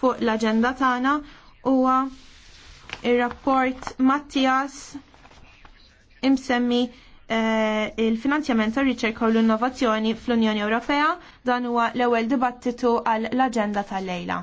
fuq l-agenda tagħna huwa ir-rapport Mattias imsemmi eh, il-finanzjament tar riċerka u l-innovazzjoni fl-Unjoni Ewropea dan huwa l-ewwel dibattitu għall l-aġenda tal-lejla.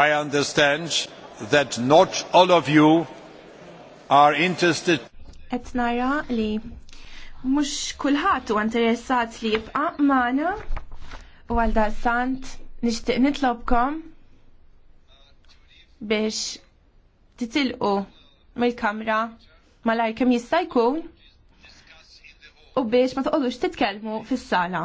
I understand that not all of you are interested. Et nara li mux kullħat u interessat li jibqa maħna u għalda sant nishtiq nitlobkom biex titilqu mil kamra malajr kem jista' u biex ma toqgħodux titkelmu fis-sala.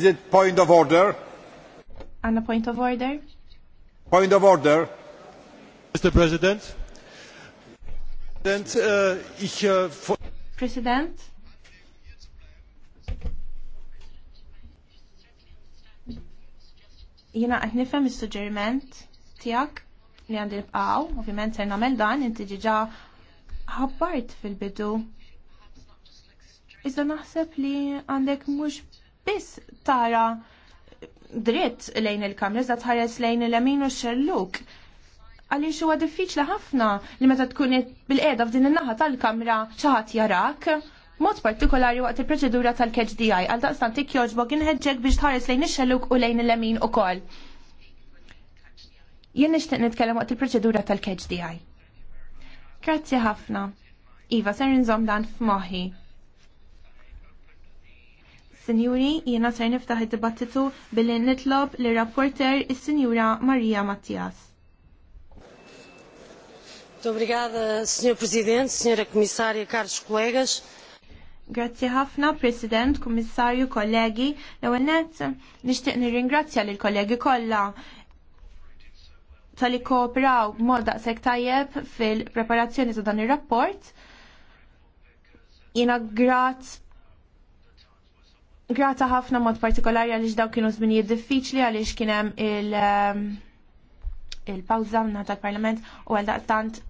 Is it point of order? On Anna point of order? Point of order. Mr. President. President, uh, ich... Uh, President. Jena għet nifem il-sugġeriment tijak li għandi nibqaw, ovvjament ser namel dan, inti ġiġa ħabbart fil-bidu. Iżda naħseb li għandek mux biss tara dritt lejn il-kamra, iżda tħares lejn il-lemin u xerluk. xelluk għaliex huwa diffiċli ħafna li meta tkun bil-qiegħda f'din in-naħa tal-kamra xi ħadd jarak. Mod partikolari waqt il-proċedura tal-catch DI għal daqstant jogħġbok inħeġġek biex tħares lejn il xelluk u lejn il-lemin ukoll. Jien nixtieq nitkellem waqt il-proċedura tal-catch DI. Grazzi ħafna. Iva, ser nżomm dan f'moħħi. Sinjuri, jiena ser niftaħ id-dibattitu billi nitlob li rapporter is-Sinjura Marija Mattias. Obrigada, Sr. Presidente, Sra. Komissarja, caros colegas. Grazzi ħafna, President, Komissarju, kollegi. L-ewwel nett nixtieq nirringrazzja lil kollegi kollha tal-li kooperaw b'mod daqshekk tajjeb fil-preparazzjoni ta' dan ir-rapport. Jiena grazz grata ħafna mod partikolari għaliex daw kienu żminijiet diffiċli għaliex kien hemm il- ehm, pawza minna tal-parlament u għal daqstant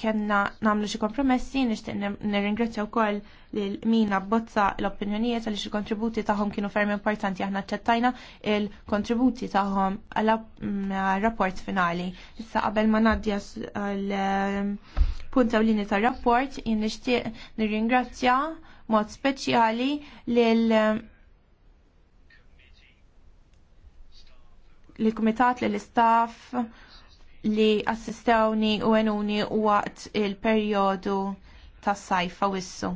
kena namlu xi kompromessi, nixtieq nirringrazzja wkoll lil mina bozza l-opinjonijiet għaliex il-kontributi tagħhom kienu ferm importanti aħna ċettajna il-kontributi tagħhom għal mm, rapport finali. Issa qabel ma ngħaddi għal mm, punta u lini tar-rapport, jien nixtieq nirringrazzja mod speċjali lil mm, l-kumitat, l-istaff, li assistawni u għenuni waqt il-periodu ta' sajfa wissu.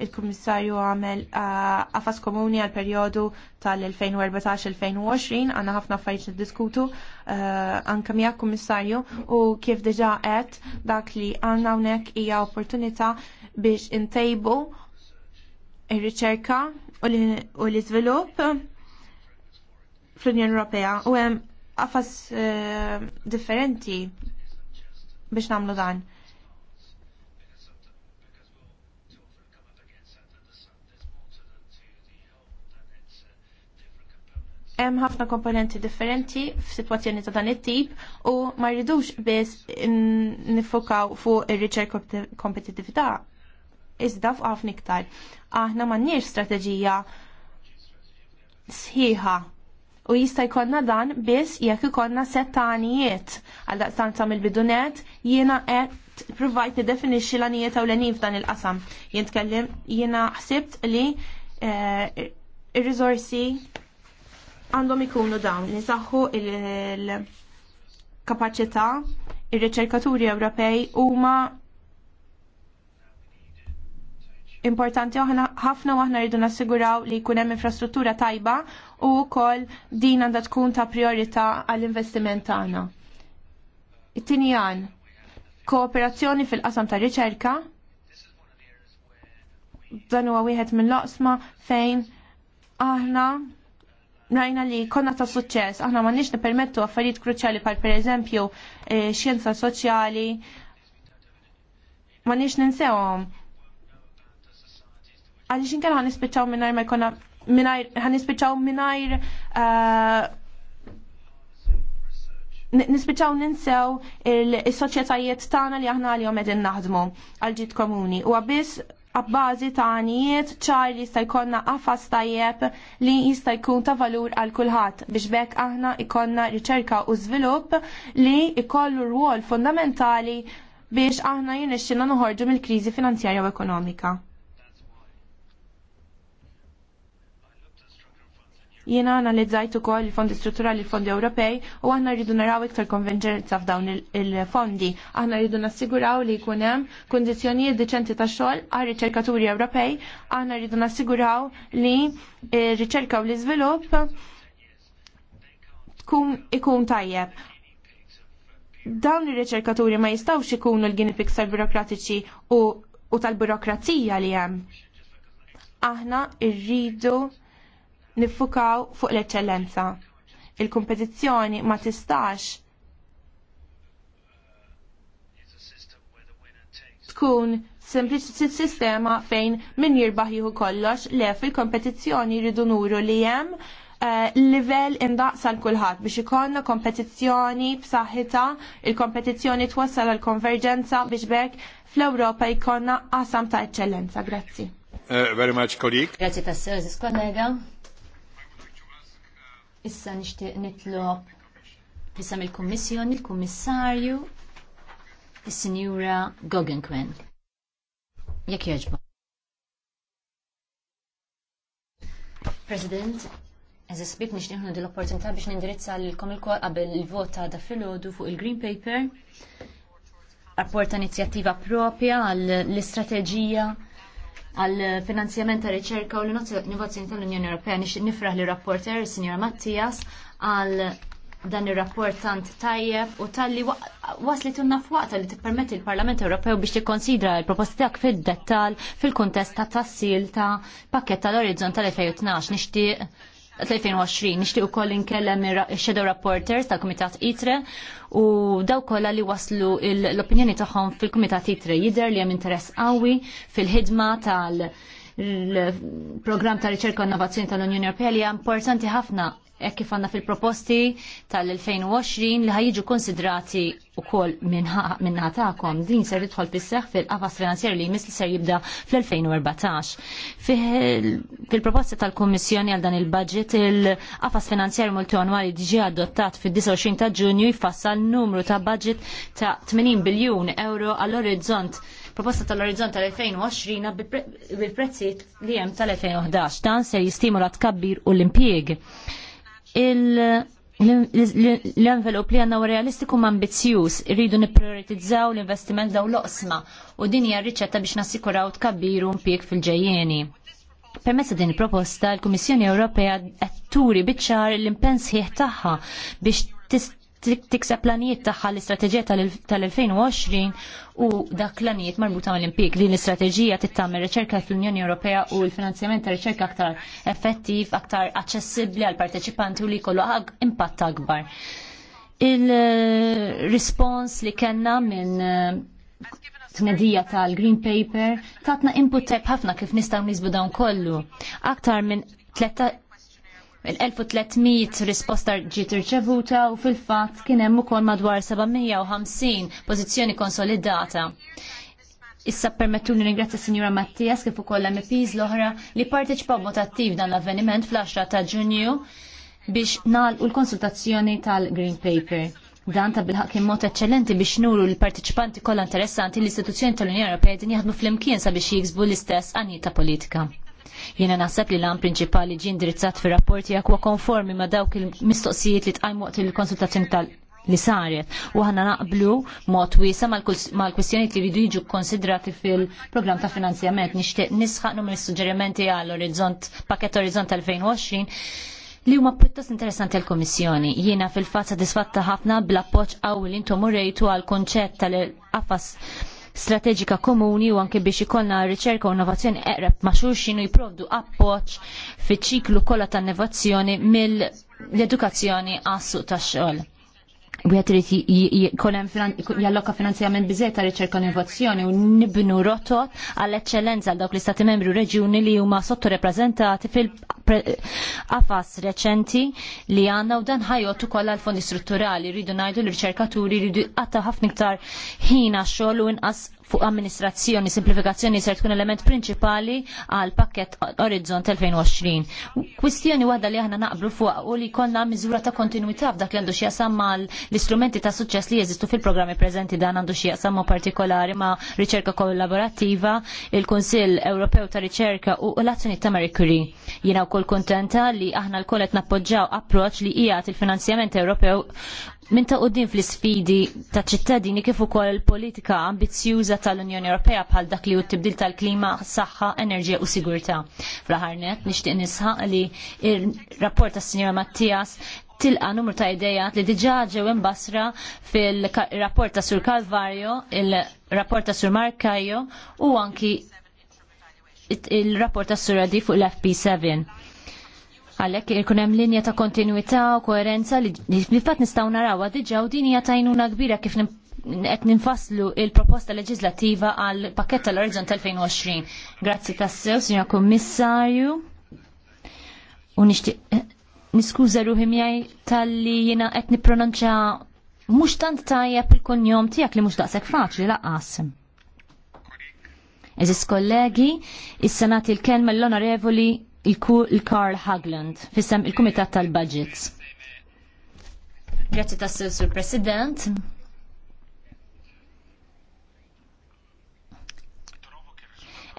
Il-Kummissarju għamel għafas komuni għal periodu tal-2014-2020 għanna ħafna affarijiet li diskutu anka miegħek Kummissarju u kif deġa qed dak li għandna hawnhekk hija opportunità biex intejbu il riċerka u l-iżvilupp fl-Unjoni Europea u hemm qafas eh, differenti biex namlu dan. hemm ħafna komponenti differenti f'sitwazzjoni ta' dan it-tip u ma rridux biss nifokaw fuq ir-riċerka kompetitività. Iżda f'għafna iktar. Aħna m'għandniex strateġija sħiħa u jista' jkollna dan biss jekk ikollna settanijiet għal daqstanza mill-bidunet jiena qed provajt definisġi l-anijiet għanijiet f'dan il-qasam. Jien kellim jiena ħsibt li eh, il rizorsi għandhom ikunu dawn li saħħu il kapacita ir-riċerkaturi Ewropej huma importanti ħafna waħna rridu nassiguraw li jkun hemm infrastruttura tajba u wkoll din għandha tkun ta' priorità għall-investiment tagħna. It-tieni għan, kooperazzjoni fil-qasam ta' riċerka, dan huwa wieħed mill-oqsma fejn aħna rajna li konna ta' suċċess, aħna ma nix nipermettu affarijiet kruċjali pal per eżempju eh, xjenza soċjali, ma nix ninsewhom għaliex xinkar għan nispiċċaw mingħajr ma jkona minnajr, għan nispiċċaw mingħajr nispiċaw ninsew il-soċjetajiet tagħna li aħna għalihom qegħdin naħdmu għal ġid komuni u għabis għabbazi ta' ċar li jista' jkollna qafas tajjeb li jista' jkun ta' valur għal kulħadd biex bekk aħna jkollna riċerka u żvilupp li jkollu rwol fundamentali biex aħna jirnexxina noħorġu mill-kriżi finanzjarja u ekonomika. Jiena analizzajt ukoll il-fondi strutturali il-fondi Ewropej u aħna rridu naraw iktar konvenġenza f'dawn il-fondi. Aħna rridu nassiguraw li jkun hemm kundizzjonijiet deċenti ta' xogħol għal riċerkaturi Ewropej, aħna rridu nassiguraw li r-riċerka u l-iżvilupp tkun ikun tajjeb. Dawn ir-riċerkaturi ma jistgħux ikunu l-guinea pigs burokratiċi birokratiċi u, tal burokrazija li hemm. Aħna rridu niffukaw fuq l-eċċellenza. Il-kompetizzjoni ma tistax tkun sempliċi sistema fejn min jirbaħ jieħu kollox le fil-kompetizzjoni jridu nuru li hemm uh, livell indaqsa l-kulħadd biex ikonna kompetizzjoni b'saħħita, il-kompetizzjoni twassal għal konverġenza biex bekk fl-Ewropa jkollna qasam ta' eċċellenza. Grazzi. Uh, very much, Kodik. Grazie, tas-sewżis kollega. Issa nixtieq nitlob isem il-Kummissjoni, il-Kummissarju, is-Sinjura il Goggenkwen. Jekk jogħġbu. President, eżis bib nix nieħdu l-opportunità biex nindirizza l-kom il qabel il-vot da filodu fuq il-Green Paper, Rapporta inizjattiva propja għall-istrateġija għal finanzjament ta' riċerka u l-innovazzjoni tal-Unjoni Ewropea nix nifraħ li rapporter Sinjor Mattias għal dan ir-rapport tant tajjeb u talli waslet unna f'waqta li t-permetti l-Parlament Ewropew biex tikkonsidra l-proposti tijak fid-dettal fil-kuntest ta' tassil ta' pakket tal-Orizzont tal-2012 nixtieq 2020 nixtieq ukoll inkellem il-Shadow Reporters tal-Kumitat ITRE u daw kollha li waslu l-opinjoni tagħhom fil-Kumitat ITRE jidher li hemm interess qawwi fil-ħidma tal- il-programm ta' riċerka u innovazzjoni tal-Unjoni Ewropea li importanti ħafna hekk kif għandna fil-proposti tal-2020 li ħajġu konsidrati wkoll minna ta'kom Din ser jidħol fis fil-qafas finanzjer li jmiss li ser jibda fl-2014. Fil-proposti tal-Kummissjoni għal dan il-budget il-qafas finanzjer multianwali diġi adottat fid-29 ta' Ġunju jfassal numru ta' budget ta' 80 biljun euro għall-orizzont proposta tal-orizzont tal-2020 bil-prezzijiet li hemm tal-2011 dan se jistimula tkabbir u l impieg l-envelop li għanna u realistiku ma' ambizjuż irridu niprioritizzaw l-investiment daw l-oqsma u din hija riċetta biex nassikuraw tkabbiru mpiek fil-ġejjeni. Permessa din il-proposta, l-Kummissjoni Ewropea qed turi biċċar l-impens ħieħ tagħha biex tikseb planijiet tagħha l-istrateġija tal-2020 u dak planijiet marbuta mal-impik li l-istrateġija il riċerka fl-Unjoni Ewropea u l-finanzjament ta' riċerka aktar effettiv, aktar aċċessibbli għal parteċipanti u li jkollu impatt akbar. Il-respons li kellna minn eh, tnedija tal-Green Paper tatna input tajb ħafna kif nistgħu nisbu dawn kollu. Aktar minn il-1300 risposta ġiet irċevuta u fil-fatt kien hemm ukoll madwar 750 pożizzjoni konsolidata. Issa permettu li ringrazzja Sinjura Mattias kif ukoll MPs l-oħra li parteċipaw mod attiv dan l-avveniment fl-10 ta' Ġunju biex nagħlqu l-konsultazzjoni tal-Green Paper. Dan ta' bilħak kien mod eċċellenti biex nuru l parteċipanti kollha interessanti l-istituzzjoni tal-Unjoni Ewropea din jaħdmu fl-imkien sabiex jiksbu l-istess għanji ta' politika. Jiena naħseb li l-għan prinċipali ġi indirizzat fir rapporti huwa konformi ma dawk il-mistoqsijiet li tqajmu waqt il-konsultazzjoni tal- li saret u ħana naqblu mod wiesa mal-kwistjoniet li ridu jiġu konsidrati fil-programm ta' finanzjament nixtieq nisħaq numri suġġerimenti għal orizzont pakket orizzont 2020 li huma pjuttost interessanti għal komissjoni Jiena fil-fatt satisfatta ħafna bl-appoġġ qawwi li intom urejtu għal kunċett tal-qafas strateġika komuni u anke biex ikollna riċerka u innovazzjoni eqreb ma' xulxin u jipprovdu appoġġ fiċ-ċiklu kollha ta' innovazzjoni mill-edukazzjoni għas-suq tax-xogħol. Wieħed irid jkollem jalloka finanzjament biżejjed ta' riċerka innovazzjoni u nibnu rotot għall eċċellenza għal dawk l-istati membri u reġjuni li huma sottorepreżentati fil afas reċenti li għandna u dan ħajotu kolla għall fondi strutturali rridu ngħidu l-riċerkaturi rridu għatta ħafna iktar ħina għax-xogħol u inqas fuq amministrazzjoni, simplifikazzjoni ser tkun element prinċipali għal pakket Horizon 2020. Kwistjoni waħda li aħna naqblu fuq u li konna miżura ta' kontinuità f'dak li għandu xjaqsam mal l-istrumenti ta' suċċess li jeżistu fil-programmi preżenti dan għandu xjaqsam ma' partikolari ma' riċerka kollaborattiva, il-Kunsill Ewropew ta' Riċerka u l-azzjoni ta' Marie Curie. Jiena wkoll kontenta li aħna l-kolet nappoġġaw approċ li hija il finanzjament Ewropew Min ta' qudiem fl-isfidi ta' ċittadini kif ukoll il-politika ambizjuża tal-Unjoni Ewropea bħal dak li hu tibdil tal-klima, saħħa, enerġija u sigurtà. Fl-aħħar nixtieq nisħaq li il rapport tas-Sinjora Mattias tilqa numru ta' idejat li diġa ġew imbasra fil-rapport ta' Sur Calvario, il-rapport ta' Sur Markajo u anki il-rapport ta' Sur Adi fuq l-FP7. Għalhekk ikun hemm linja ta' kontinwità u koerenza li fatt nistgħu narawha diġà u din hija tajnuna kbira kif qed ninfasslu il-proposta leġislattiva għal pakket tal-Orizzont 2020. Grazzi tassew, Sinja Kommissarju. U nixtieq niskuża ruħi miegħi talli jiena qed nippronunċja mhux tant tajjeb il-konjom tiegħek li mhux daqshekk faċli laqqas. Eżis kollegi, is-senat il-kelma l-onorevoli il-Karl Hagland, fissem il-Kumitat tal-Budgets. Grazie tassew sur President.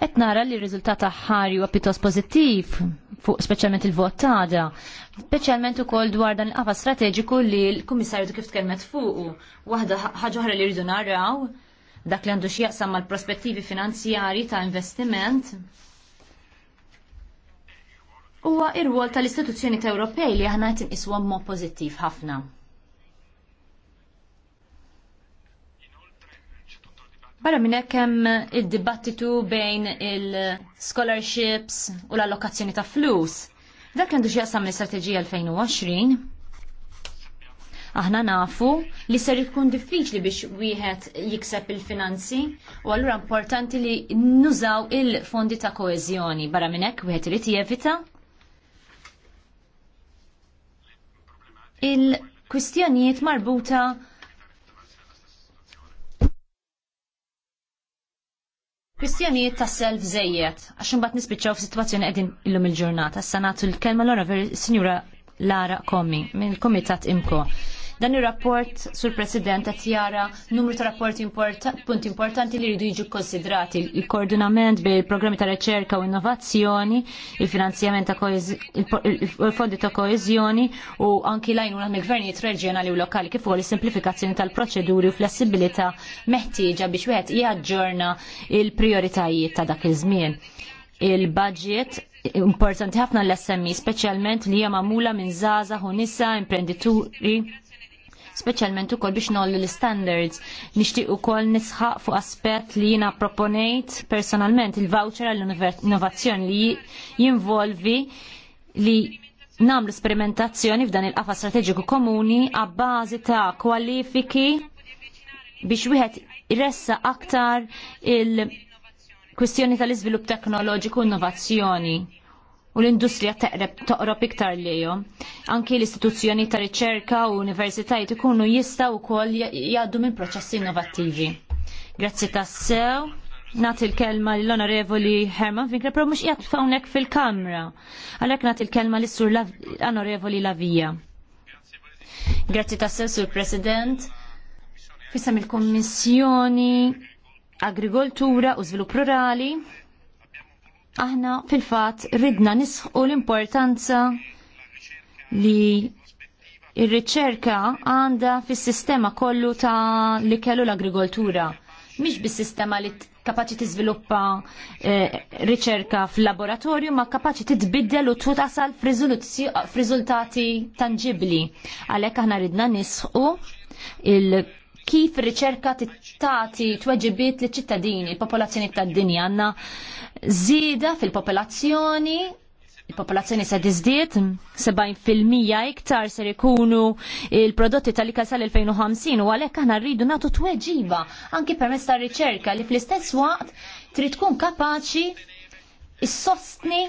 Et nara li r-riżultat ħari huwa pjuttost pożittiv specialment speċjalment il-vot specialment speċjalment ukoll dwar dan il-qafa strateġiku li l-Kummissarju kif tkellmet fuqu. Waħda ħaġa oħra li rridu naraw dak li għandu xieqsam mal-prospettivi finanzjari ta' investiment huwa ir-rwol tal-istituzzjoni ta' Ewropej li aħna qed inqiswa mod pożittiv ħafna. Barra minn hekk hemm id-dibattitu bejn il-scholarships u l-allokazzjoni ta' flus. Dak għandu xi jasam l-istrateġija 2020. Aħna nafu li ser ikun diffiċli biex wieħed jikseb il-finanzi u allura importanti li nużaw il-fondi ta' koeżjoni barra minn hekk wieħed irid jevita il-kwistjonijiet marbuta Kwistjonijiet ta' self zejjed, għax imbagħad nispiċċaw f'sitwazzjoni qegħdin illum il-ġurnata. Sanatu l-kelma l-ora Sinjura Lara Komi mill-Kumitat Imko. Dan ir-rapport sur President qed jara numru ta' rapport importan punt importanti li jridu jiġu konsidrati il-koordinament il programmi ta' riċerka u innovazzjoni, il-finanzjament ta' il-fondi ta' koezjoni u anki lajn unaħ gvernijiet reġjonali u lokali kif ukoll is-simplifikazzjoni tal-proċeduri u flessibilità meħtieġa biex wieħed jaġġorna il-prijoritajiet ta' dak iż-żmien. Il-budget importanti ħafna l-SMI, speċjalment li hija magħmula minn żgħażagħ u nisa, imprendituri speċjalment ukoll biex nollu l-standards. Nixtieq ukoll nisħaq fuq aspett li jiena proponejt personalment il-voucher għall-innovazzjoni li jinvolvi li nagħmlu sperimentazzjoni f'dan il-qafa Strategiku komuni għabbażi ta' kwalifiki biex wieħed iressa aktar il-kwistjoni tal-iżvilupp teknoloġiku innovazzjoni u l-industrija teqreb toqrob iktar lejhom. Anki l-istituzzjoni ta' riċerka u universitajt ikunu u wkoll jgħaddu minn proċessi innovattivi. Grazzi tassew. Nat il-kelma l-onorevoli Herman Finkra, pro mux jgħat fawnek fil-kamra. Għalek nat il-kelma l-sur l-onorevoli Lavija. Grazzi tassew, sur President. Fissam il-Kommissjoni Agrikoltura u Zvilupp Rurali aħna fil-fat ridna nisħu l-importanza li il riċerka għanda fis-sistema kollu ta' li kellu l-agrikoltura. Mhix bis-sistema li kapaċi tiżviluppa eh, riċerka fil-laboratorju, ma kapaċi titbiddel u tasal tutasal f'riżultati tangibli. Għalhekk aħna ridna nisħu il kif riċerka t tweġibiet li ċittadini, il-popolazzjoni tad-dinja għandna Zida fil-popolazzjoni il-popolazzjoni se tizdiet, 70% iktar ser ikunu il-prodotti tal-ikel sal-2050 u għalhekk aħna rridu nagħtu tweġiba anki permezz ta' riċerka li fl-istess waqt trid tkun kapaċi sostni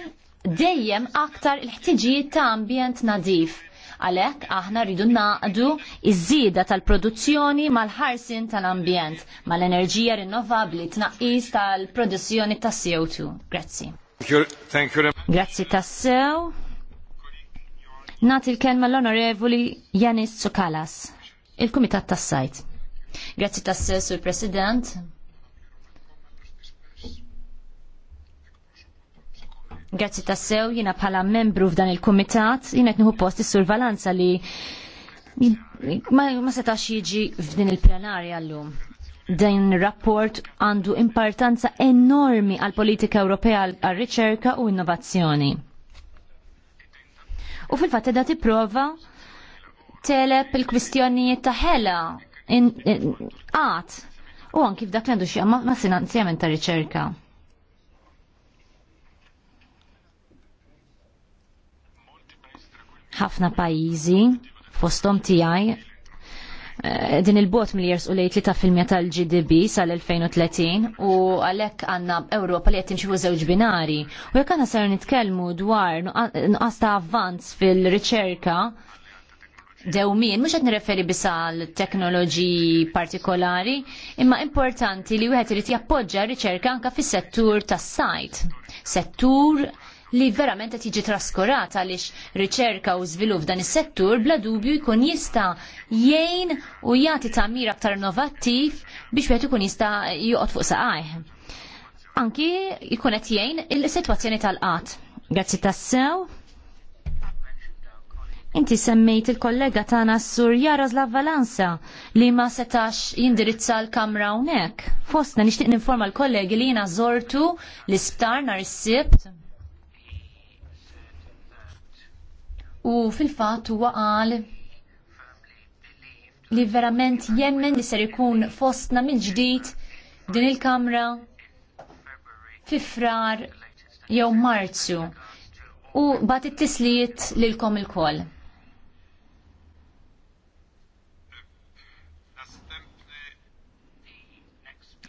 dejjem aktar il-ħtiġijiet ta' ambjent nadif. Għalhekk aħna rridu naqdu iż-żieda tal-produzzjoni mal-ħarsin tal-ambjent, mal-enerġija rinnovabbli, tnaqqis tal-produzzjoni ta' CO2. Grazzi. Grazzi tassew. Nagħti l-kelma l-Onorevoli Janis Tsukalas, il-Kumitat tas-Sajt. Grazzi tassew, Sur President. Grazzi tassew, jina bħala membru f'dan il-komitat, jina qed nieħu post is-survalanza li ma, setax jiġi f'din il-plenarja llum din rapport għandu importanza enormi għal politika Ewropea għal riċerka u innovazzjoni. U fil-fatt edha tipprova teleb il-kwistjonijiet ta' ħela għat u anki f'dak l għandu xie ma' finanzjament ta' riċerka. ħafna pajjiżi fostom tiegħi eh, din il-bot mill jers u lejt li ta' filmja tal-GDB sal-2030 u għalek għanna Ewropa li għettin xifu zewġ binari. U jek għanna ser nitkelmu dwar nuqqas ta' avvanz fil-riċerka dewmin, mux għet nireferi bisa l-teknoloġi partikolari, imma importanti li wieħed irid jappoġġa riċerka anka fis settur tas sajt settur li verament qed jiġi traskurata għaliex riċerka u żvilupp dan is-settur bla dubju jkun jista' jgħin u jagħti tagħmir aktar innovattiv biex wieħed ikun jista' joqgħod fuq saqajh. Anki jkun qed jgħin is sitwazzjoni tal-qatt. Grazzi tassew. Inti semmejt il-kollega tagħna s-sur Jaroslav Valanza li ma setax jindirizza l-kamra hawnhekk. Fostna nixtieq ninforma l-kollegi li jiena żortu l-isptar nhar is-sibt u fil-fatt huwa qal li verament jemmen li ser ikun fostna minn ġdid din il-kamra fi frar jew marzu u bat it-tislijiet lilkom il-koll.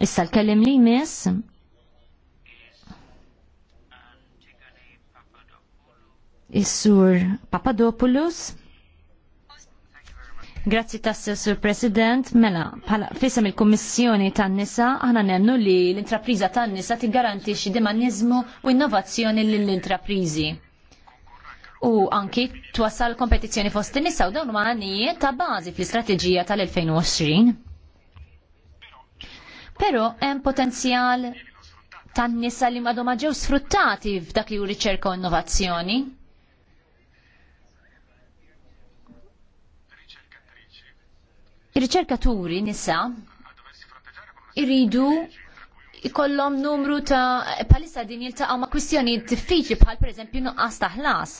Issa l-kellim li jmiss Is-Sur Papadopoulos. Grazzi tassew Sur President. Mela, pala, fissam il-Kommissjoni tan-nisa, aħna nemnu li l-intrapriża tan-nisa tiggarantixxi dimaniżmu u innovazzjoni lill-intrapriżi. U anki twassal kompetizzjoni fost in-nisa u dawn huma għanijiet ta' bażi fl-istrateġija tal-2020. Però hemm potenzjal tan-nisa li madhom ġew sfruttati f'dak li hu riċerka u innovazzjoni Ir-riċerkaturi nisa irridu ikollom numru ta' palissa din jiltaqgħu ma' kwistjonijiet diffiċli bħal pereżempju nuqqas ta' ħlas.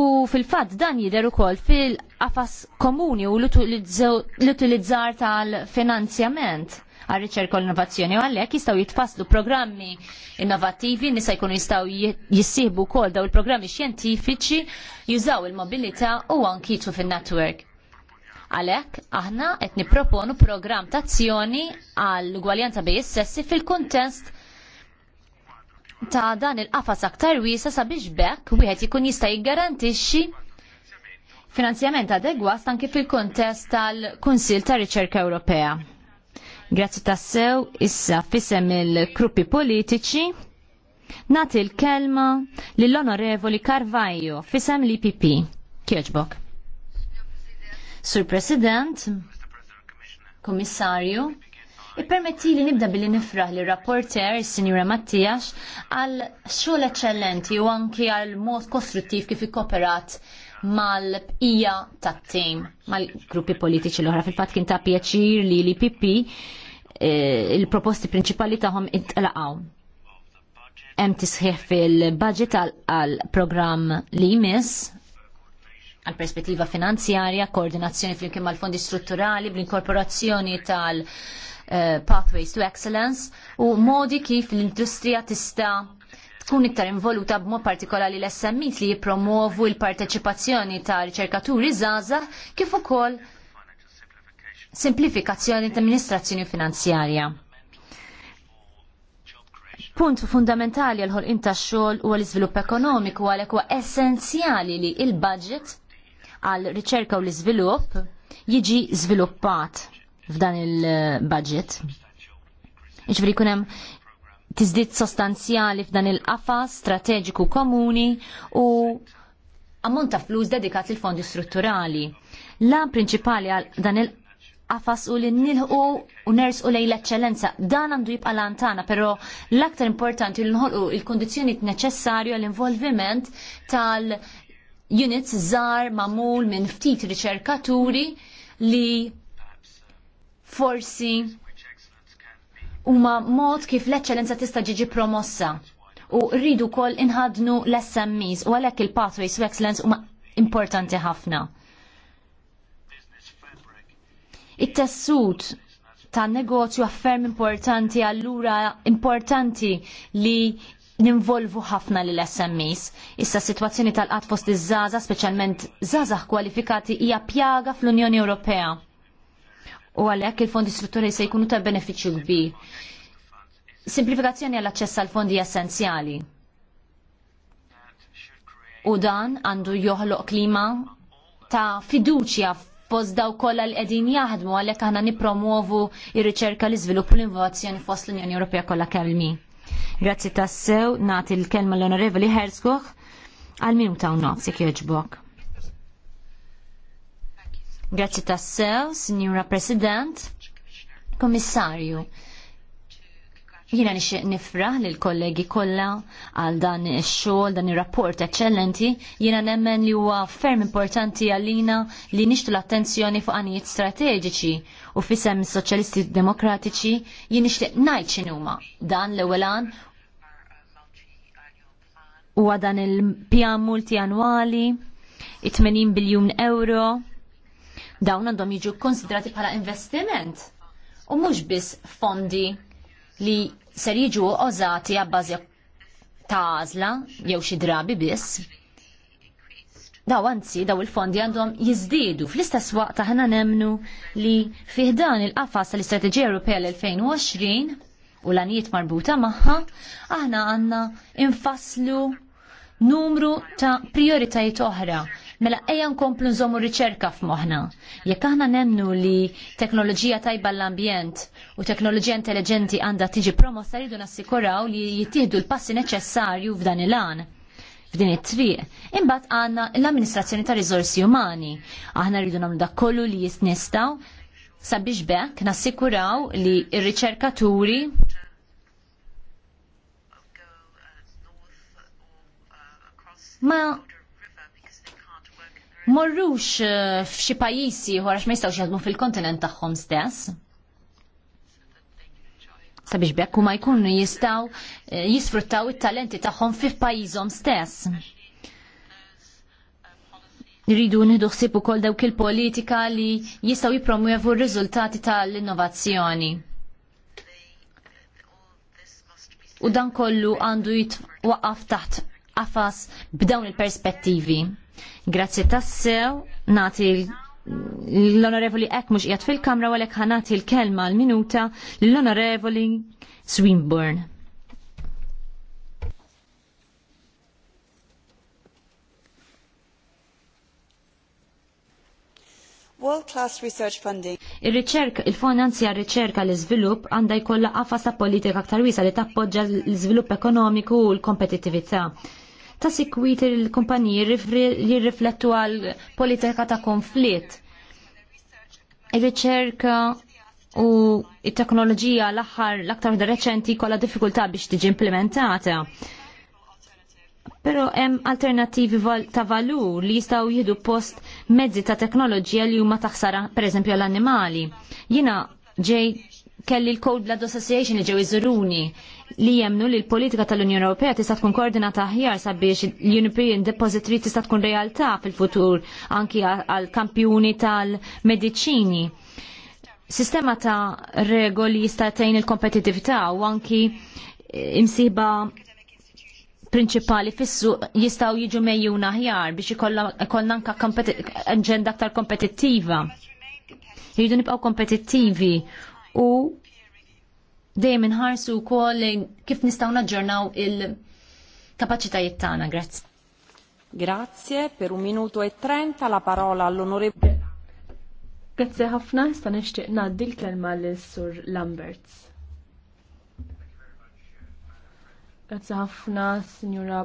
U fil-fatt dan jidher ukoll fil-qafas komuni u l-utilizzar tal-finanzjament għal riċerka u l-innovazzjoni u għalhekk jistgħu jitfasslu programmi innovattivi nisa jkunu jistgħu jissibu wkoll daw il-programmi xjentifiċi jużaw il-mobilità u anki fil fin-network. Għalhekk aħna qed nipproponu program ta' azzjoni għall ugwaljanza bejn is-sessi fil-kuntest ta' dan il-qafas aktar wiesa sabiex bekk wieħed ikun jista' jiggarantixxi finanzjament adegwat anke fil-kuntest tal-Kunsil ta' Riċerka Ewropea. Grazzi tassew, issa fisem il-gruppi politiċi. Nati l-kelma lill-Onorevoli Carvajo fisem l-IPP. Kieġbok. Sur President, Komissarju, Ippermetti li nibda billi nifraħ li rapporter, Sinjura Mattijax, għal xogħol eċċellenti u anki għal mod kostruttiv kif ikkoperat mal-bqija tat-tim, mal-gruppi politiċi l-oħra fil-fatt kien ta' pjaċir li li Pipi, eh, il-proposti prinċipali tagħhom intlaqgħu. Hemm tisħiħ fil-budget għal programm li jmiss għal perspettiva finanzjarja, koordinazzjoni fl-imkien mal-fondi strutturali, bl-inkorporazzjoni tal- eh, Pathways to Excellence u modi kif l-industrija tista' tkun iktar involuta b'mod partikolari l-SMIT li jipromovu l-parteċipazzjoni ta' riċerkaturi żgħażagħ kif ukoll simplifikazzjoni ta' amministrazzjoni finanzjarja. Punt fundamentali għal ħolqien tax-xogħol u l-iżvilupp ekonomiku għalhekk huwa essenzjali li il-budget għal riċerka u l-iżvilupp jiġi żviluppat f'dan il-budget. Iġveri kunem tizdit sostanzjali f'dan il-qafas strateġiku komuni u ammonta ta' flus dedikat il fondi strutturali. La prinċipali għal dan il għafas u li nilħu u ners u lej l-eccellenza. Dan għandu jibqa lantana, pero l-aktar importanti li nħolqu il-kondizjoni neċessarju għall-involviment tal units żar ma'mul minn ftit riċerkaturi li forsi huma mod kif l-eċċellenza tista' ġiġi promossa u rridu kol inħadnu l-SMEs u għalhekk il-pathways of excellence huma importanti ħafna. It-tessut ta' negozju affermi importanti allura importanti li ninvolvu ħafna lil SMEs. Issa situazzjoni tal qat fost iż żaza speċjalment żaza kwalifikati hija pjaga fl-Unjoni Ewropea. U għalhekk il-fondi strutturali se jkunu ta' benefiċċju kbir. Simplifikazzjoni għall aċċess għal fondi essenzjali. U dan għandu joħloq klima ta' fiduċja fost daw kollha li qegħdin jaħdmu għalhekk aħna nippromuovu r-riċerka l-iżvilupp u l-innovazzjoni fost l-Unjoni Ewropea kollha kemm Grazzi tassew, nati l-kelma l-onorevoli Herzog għal-minuta u nofs, jek joġbok. Grazzi tassew, Signora President, Komissarju. Jina nixieq nifraħ lil kollegi kollha għal dan ix-xogħol, dan ir-rapport eċċellenti, jiena nemmen li huwa ferm importanti għalina li nixtu l-attenzjoni fuq anijiet strateġiċi u fisem is-soċjalisti demokratiċi jien nixtieq ngħid x'inhuma dan l-ewwel għan huwa dan il-pjan multianwali, 80 biljun euro, dawn għandhom jiġu konsidrati bħala investiment u mhux biss fondi li ser jiġu ożati għabbażi ta' għażla jew xi drabi biss. Daw anzi, daw il-fondi għandhom jizdidu fl-istess waqt aħna nemnu li fih dan il-qafas tal-Istrateġija Ewropea l-2020 u l-anijiet marbuta maħħa, aħna għanna infaslu numru ta' prioritajiet oħra Mela eja nkomplu nżommu riċerka f'moħħna. Jekk aħna nemnu li teknoloġija tajba l-ambjent u teknoloġija intelligenti għandha tiġi promossa rridu nassikuraw li jittieħdu l-passi neċessarju f'dan il-għan f'din it-triq. Imbagħad għandna l-amministrazzjoni ta' riżorsi umani. Aħna rridu nagħmlu dak kollu li jisnistaw sabiex bekk nassikuraw li r-riċerkaturi ma morrux eh, f'xi pajjiżi ieħor għax ma jistgħux jaħdmu fil-kontinent tagħhom stess. Sabiex bekk huma jkunu jistgħu eh, jisfruttaw it-talenti tagħhom fi pajjiżhom stess. Nridu nieħdu ħsieb ukoll dawk il-politika li jistgħu jippromuevu r-riżultati tal-innovazzjoni. U dan kollu għandu jitwaqqaf taħt qafas b'dawn il-perspettivi. Grazzi tassew, nati l-onorevoli ek mux jgħat fil-kamra għalek ħanati l-kelma l-minuta l-onorevoli Swinburne. World-class research funding. Il-riċerka, il-finanzja riċerka l iżvilupp għandha jkollha qafas ta' politika aktar wiesa li tappoġġa l-iżvilupp ekonomiku u l-kompetittività ta' sikwit il-kumpaniji li riflettu għal politika ta' konflitt. Ir-riċerka u il teknoloġija l-aħħar l-aktar reċenti kolla diffikultà biex tiġi implementata. Pero hemm alternativi ta' valur li jistgħu jieħdu post mezzi ta' teknoloġija li huma taħsara pereżempju għall-annimali. Jina ġej kelli l-Cold Blood Association li ġew iżuruni li jemnu li l-politika tal-Unjoni Ewropea tista' tkun koordinata aħjar sabiex l-European Depository tista' tkun realtà fil-futur anki għal kampjuni tal-mediċini. Sistema ta' regoli jista' tgħin il-kompetitività u anki eh, imsiba prinċipali fissu jistaw jiġu mejjuna aħjar biex ikollna anka aġenda aktar kompetittiva. Jridu nibqgħu kompetittivi u dejjem inħarsu wkoll kif nistgħu naġġornaw il-kapaċitajiet tagħna. Grazzi. Grazie, per un minuto e trenta la parola all'onorevole. Grazie ħafna, sta nixtieq ngħaddi l-kelma lis-Sur Lamberts. Grazie ħafna, Signora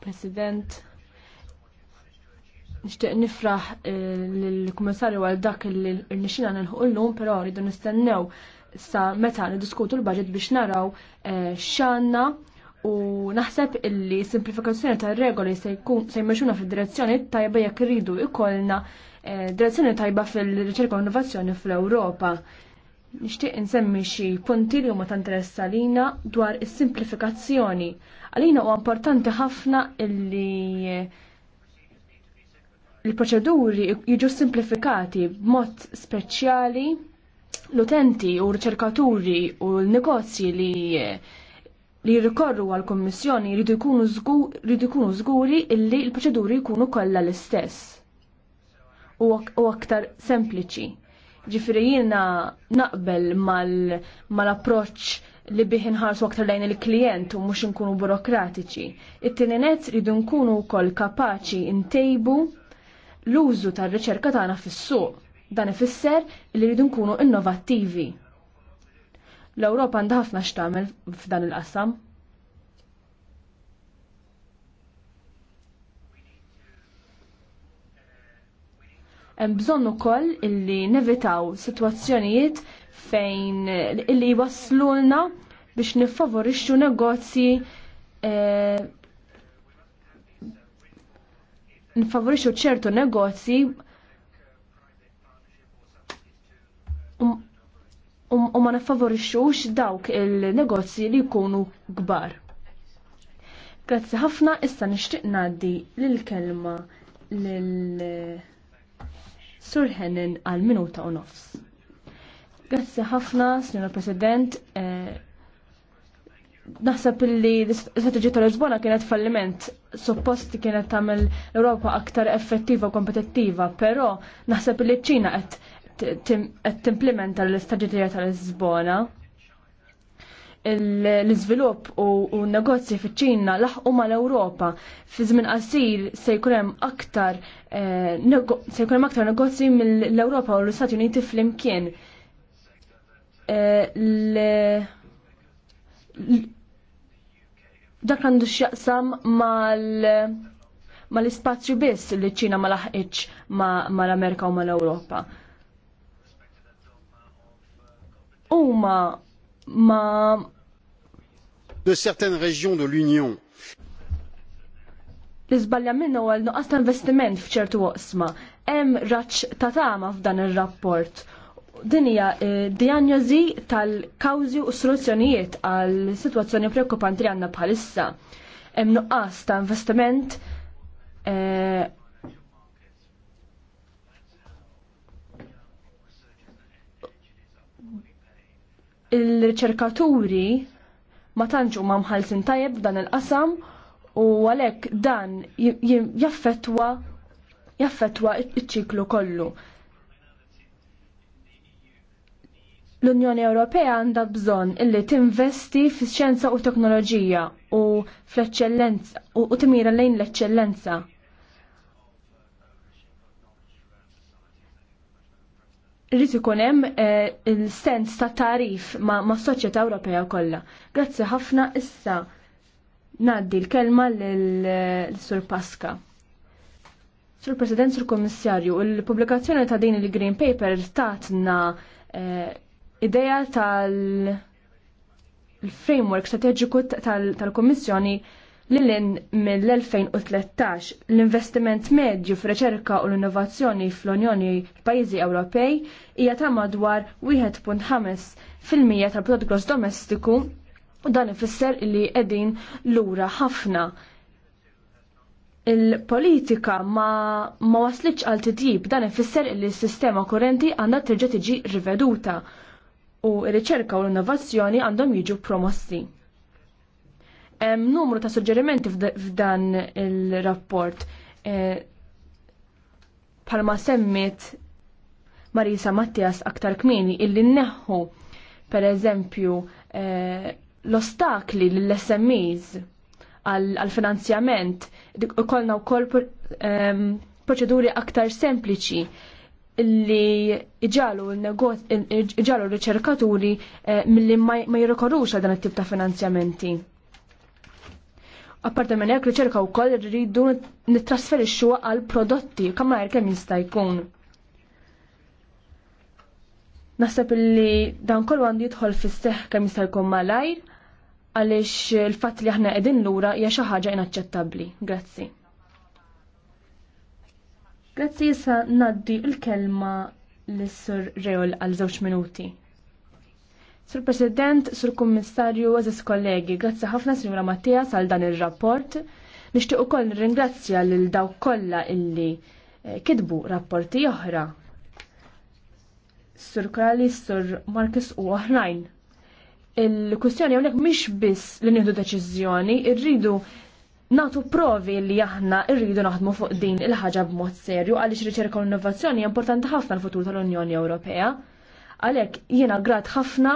President. Nishtiq nifraħ eh, l-Kummissarju għal dak il-nixina nilħu l pero rridu nistennew sa meta nidiskutu l-budget biex naraw eh, xanna u naħseb illi simplifikazzjoni ta' regoli se jmexxuna fid-direzzjoni tajba jekk rridu ikollna eh, direzzjoni tajba fil-riċerka u innovazzjoni fl-Ewropa. Nixtieq insemmi xi punti li huma ta' interess għalina dwar is-simplifikazzjoni. Għalina huwa importanti ħafna illi il-proċeduri jiġu simplifikati b'mod speċjali l-utenti u r-ċerkaturi u l-negozji li li rikorru għal kommissjoni jridu jkunu żguri illi l-proċeduri jkunu kollha l-istess u, aktar sempliċi. Ġifiri jiena naqbel mal-approċ li bih inħarsu aktar lejn il-klient u mhux inkunu burokratiċi. It-tieni nett rridu nkunu wkoll kapaċi ntejbu l-użu tar-riċerka tagħna fis-suq. Dan ifisser li rridu nkunu innovattivi. L-Ewropa għandha ħafna x'tagħmel f'dan il-qasam. Hemm bżonn ukoll illi nevitaw sitwazzjonijiet fejn illi jwasslulna biex niffavorixxu negozji eh, nfavorixxu ċertu negozji u ma nifavorixxux dawk il-negozji li jkunu kbar. Grazzi ħafna issa nixtieq ngħaddi lill kelma lil Sur Henin għal minuta u nofs. Grazzi ħafna, Signora President, eh, naħseb illi l-istrateġija tal-Lisbona kienet falliment, supposti kienet tagħmel l-Ewropa aktar effettiva u kompetittiva, però naħseb li ċ-Ċina qed timplementa l-istrateġija tal-Lisbona. L-iżvilupp u n-negozji fiċ-Ċina laħqu mal-Ewropa fi żmien qasir se jkun hemm aktar eh, se jkun hemm aktar negozji mill-Ewropa u l-Istati Uniti flimkien eh, dak għandu x'jaqsam mal mal-ispazju biss li ċina ma laħqitx mal-Amerika u mal-Ewropa. Huma ma de certaines régions de l'Union. L-iżbalja minn għal nuqqas ta' investiment f'ċertu għosma. Hemm raċ ta' tama f'dan ir-rapport dinija eh, diagnosi tal-kawzi u soluzzjonijiet għal situazzjoni preokkupanti li għanna bħalissa. Hemm nuqqas ta' investiment eh, il-riċerkaturi ma tantx huma mħallsin tajjeb f'dan il-qasam u għalhekk dan jaffettwa jaffettwa iċ-ċiklu kollu. L-Unjoni Ewropea għandha bżonn illi tinvesti fix-xjenza u teknoloġija u fl-eċċellenza u timira lejn l-eċċellenza. Rrid ikun hemm eh, il-sens ta' tarif ma' soċjetà Ewropea kollha. Grazzi ħafna issa ngħaddi l-kelma lil-Sur eh, Pasqa. Sur President, Sur Kommissarju, il-publikazzjoni ta' din il-Green Paper tatna eh, ideja tal-framework strateġiku tal-Kommissjoni in mill-2013 l-investiment medju f'riċerka u l-innovazzjoni fl-Unjoni pajjiżi Ewropej hija ta' madwar 1.5 fil-mija tal-prodott gross domestiku u dan ifisser li qegħdin lura ħafna. Il-politika ma, ma waslitx għal titjib dan ifisser li s-sistema kurrenti għandha terġa' tiġi riveduta u r-riċerka u l-innovazzjoni għandhom jiġu promossi. Hemm numru ta' suġġerimenti f'dan il-rapport eh, palma semmit Marisa Mattias aktar kmini illi neħħu per eżempju eh, l-ostakli l-SMEs għal-finanzjament kolna u kol proċeduri aktar sempliċi li iġalu iġalu riċerkaturi eh, mill-li ma jirrikorrux għal dan it-tip ta' finanzjamenti. Apparta minn hekk riċerka wkoll irridu nittrasferixxu għal prodotti kemm kemm jista' jkun. Naħseb li dan kollu għandu jidħol fis-seħħ kemm jista' jkun malajr għaliex il-fatt li aħna qegħdin lura hija xi ħaġa inaċċettabbli. Grazzi. Grazzi jisa naddi l kelma l-Sur Reol għal żewġ minuti. Sur President, Sur Kummissarju, Aziz Kollegi, grazzi ħafna Sinjura Mattia għal dan il-rapport. u ukoll nirringrazzja lil daw kollha illi eh, kidbu rapporti oħra. Sur Korali, Sur Marcus u oħrajn. Il-kustjoni hawnhekk mhix biss li nieħdu deċiżjoni, irridu natu provi li aħna irridu naħdmu fuq din il-ħaġa b'mod serju għaliex riċerka u innovazzjoni importanti ħafna l-futur tal-Unjoni Ewropea. Għalhekk jiena grat ħafna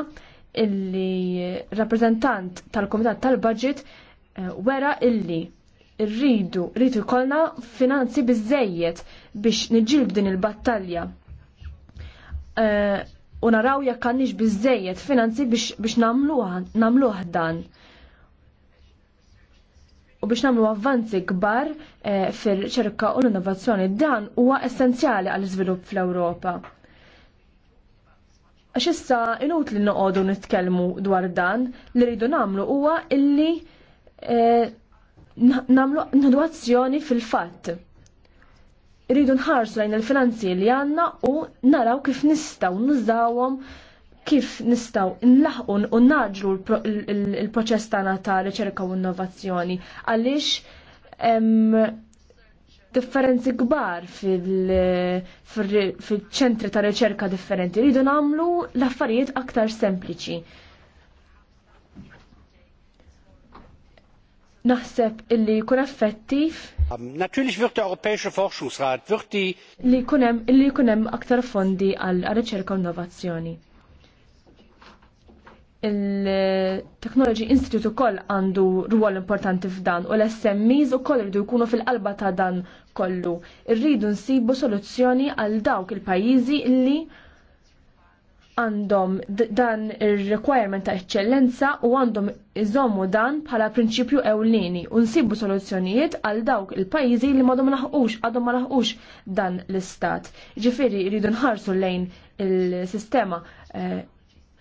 illi rappreżentant tal-Komitat tal-Budget eh, wera illi rridu rridu jkollna finanzi biżejjed biex niġġielb din il-battalja. Eh, u naraw jekk għandix biżejjed finanzi biex namluħ dan u biex nagħmlu avvanzi kbar eh, fil-ċerka u l-innovazzjoni dan huwa essenzjali għall iżvilupp fl-Ewropa. Għax issa inutli noqogħdu nitkellmu dwar dan li rridu nagħmlu huwa illi eh, nagħmlu innovazzjoni fil-fatt. Rridu nħarsu lejn il-finanzi li għandna u naraw kif nistgħu nużawhom kif nistaw nlaħqu u naġlu l-proċess tagħna ta' riċerka u innovazzjoni għaliex differenzi kbar fil-ċentri ta' riċerka differenti. Rridu nagħmlu l-affarijiet aktar sempliċi. Naħseb illi jkun effettiv. Natürlich wird der Europäische Forschungsrat wird die li kunem kunem aktar fondi għal riċerka u innovazzjoni il-Technology Institute ukoll għandu ruol importanti f'dan u l-SMEs ukoll rridu jkunu fil-qalba ta' dan kollu. Irridu nsibu soluzzjoni għal dawk il-pajjiżi li għandhom dan il-requirement ta' eccellenza u għandhom iżommu dan bħala prinċipju ewlieni u nsibu soluzzjonijiet għal dawk il-pajjiżi li madhom laħqux għadhom ma laħqux dan l-istat. Ġifiri, jridu nħarsu lejn il-sistema eh,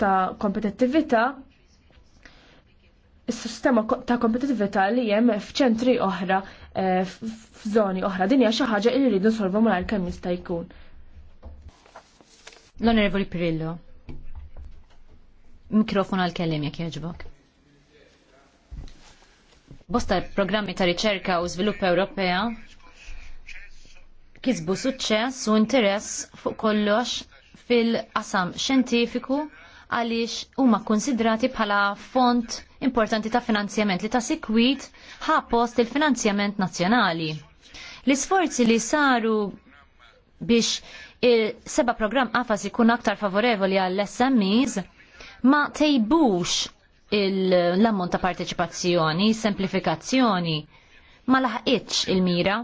ta' kompetittività is-sistema ta' kompetittività li hemm f'ċentri oħra eh, f'żoni oħra din hija xi ħaġa li rridu nsolvu mal kemm jista' jkun. L-Onorevoli Pirillo. Mikrofon għal kellim jekk jogħġbok. Bosta programmi ta' riċerka u żvilupp Ewropea kisbu suċċess u interess fuq kollox fil-qasam xjentifiku għaliex huma konsidrati bħala font importanti ta' finanzjament li ta' sikwit ħapost il-finanzjament nazzjonali. L-isforzi li saru biex il-seba program għafas ikun aktar favorevoli għall-SMEs ma tejbux l-ammont ta' parteċipazzjoni, semplifikazzjoni, ma laħqitx il-mira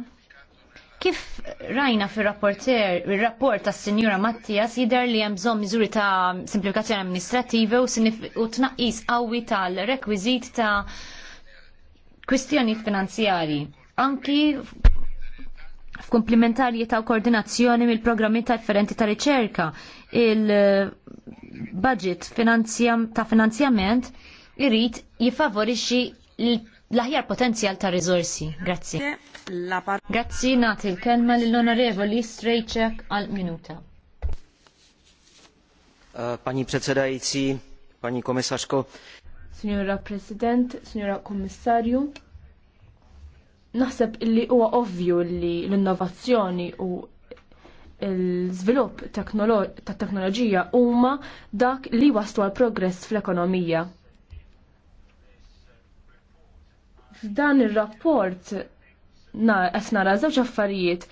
Kif rajna fir rapporter il-rapport tas Sinjura Mattias jidher li hemm bżonn miżuri ta' simplifikazzjoni amministrativa u, u tnaqqis qawwi tal-rekwiżit ta' kwistjoni finanzjari. Anki f'kumplimentarji ta' koordinazzjoni mill-programmi ta' differenti ta' riċerka, il-budget ta' finanzjament irrid jifavorixxi l-aħjar potenzjal ta' riżorsi. Grazzi la Grazzi nagħti l-kelma lill-Onorevoli Strejček għal minuta. Eh, pani Predsedajci, Pani komisarsko. Signora President, Signora Kommissarju, naħseb illi huwa ovvju li l-innovazzjoni u l-żvilupp ta' teknoloġija huma dak li waslu għal progress fl-ekonomija. F'dan ir-rapport qed nara żewġ affarijiet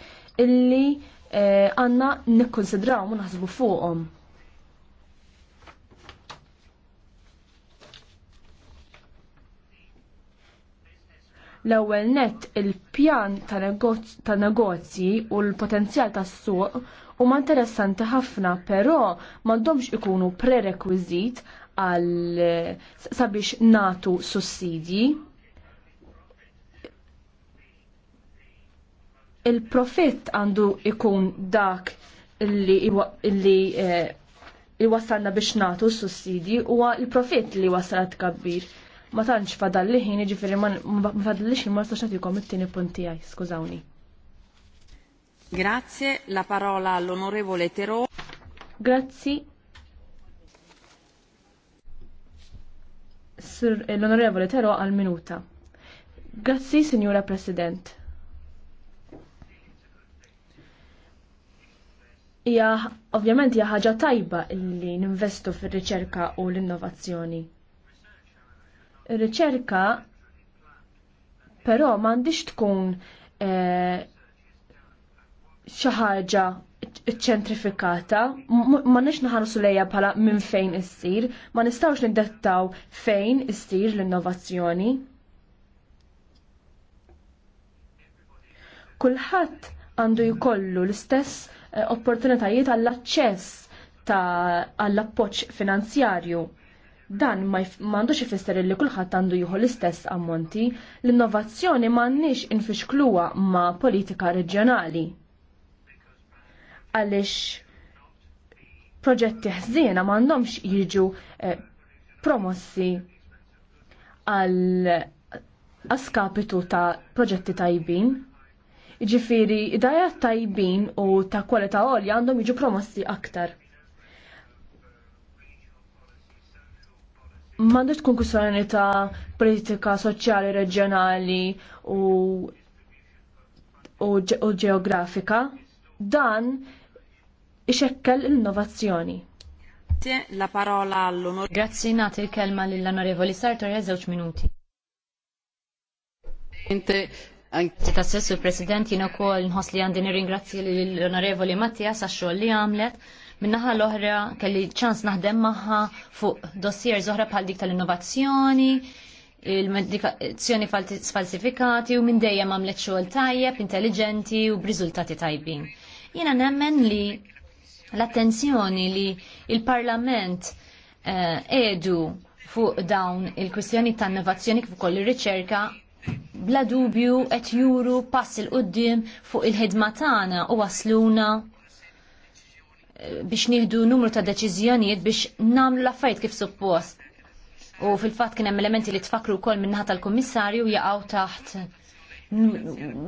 illi eh, għandna nikkonsidraw u naħsbu fuqhom. L-ewwel net il-pjan ta' negozji u l-potenzjal tas-suq huma interessanti ħafna, però m'għandhomx ikunu prerequisit għal eh, sabiex natu sussidji. il-profitt għandu ikun dak li eh, wassalna biex natu s-sussidji u il-profitt li wassalat kabbir. Ma tantx fadalli ħin, ġifiri ma fadallix ma s-saċnat jukom it-tieni punti għaj, skużawni. Grazie, la parola all'onorevole Tero. Grazie. Sir, eh, l'onorevole Tero al minuta. Grazzi, Signora President. hija ovvjament hija ħaġa tajba li ninvestu fir-riċerka u l-innovazzjoni. Ir-riċerka però m'għandix tkun eh, xi ħaġa ċentrifikata, ma nix naħarsu lejja bħala minn fejn issir, ma nistawx nindettaw fejn issir l-innovazzjoni. Kulħadd għandu jkollu l-istess opportunitajiet għall-aċċess għall-appoġġ finanzjarju. Dan ma m'għandux ifisser li kulħadd għandu jieħu l-istess ammonti, l-innovazzjoni m'għandniex infixkluha ma' politika reġjonali. Għaliex proġetti ħżiena m'għandhomx jiġu eh, promossi għal askapitu ta' proġetti tajbin. Ġifiri, id-dajat tajbin u ta' kwalità għolja għandhom jiġu promossi aktar. Mandu tkun kussjoni ta' politika soċjali reġjonali u, u, u ġeografika, dan ixekkel l-innovazzjoni. La parola all'onore. Grazie, nati il-kelma lill-onorevoli Sartor, żewġ minuti. Ta' sessu il-President jina kol nħos li għandi nirringrazzi l-Onorevoli Mattia sa' xogħol li għamlet. Minnaħa l-oħra kelli ċans naħdem maħħa fuq dossier zoħra bħal dik tal-innovazzjoni, il-medikazzjoni falsifikati u minn dejjem għamlet xogħol tajjeb, intelligenti u b'riżultati tajbin. Jiena nemmen li l-attenzjoni li il-Parlament eh, edu fuq dawn il-kwistjoni ta' innovazzjoni kif ukoll ir-riċerka bla dubju qed juru pass il qudiem fuq il-ħidma tagħna u wasluna eh, biex nieħdu numru ta' deċiżjonijiet biex nagħmlu l-affarijiet kif suppost. U fil-fatt kien hemm elementi li tfakru wkoll min-naħa tal-Kummissarju jaqgħu taħt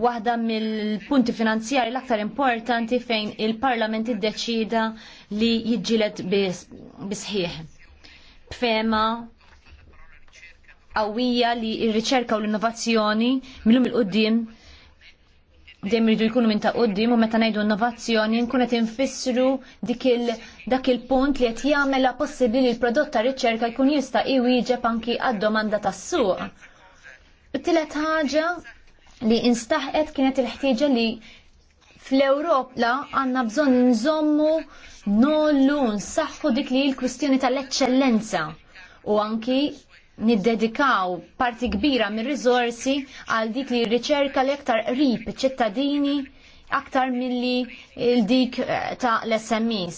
waħda mill-punti finanzjari l-aktar importanti fejn il-Parlament iddeċida li jiġġieled bisħieħ. B'fema qawwija li r-riċerka u l-innovazzjoni millum il-qoddim dejjem iridu jkunu minn ta' qoddim u meta ngħidu innovazzjoni nkun qed infissru dak il-punt li qed jagħmel possibbli li l-prodott ta' riċerka jkun jista' iwieġeb anki għad-domanda tas-suq. It-tielet ħaġa li instaħqet kienet il-ħtieġa li fl-Ewropa għandna bżonn nżommu nollu nsaħħu dik li l-kwistjoni tal-eċċellenza u anki niddedikaw parti kbira mir rizorsi għal dik li riċerka li aktar qrib ċittadini aktar milli dik eh, ta' l-SMEs.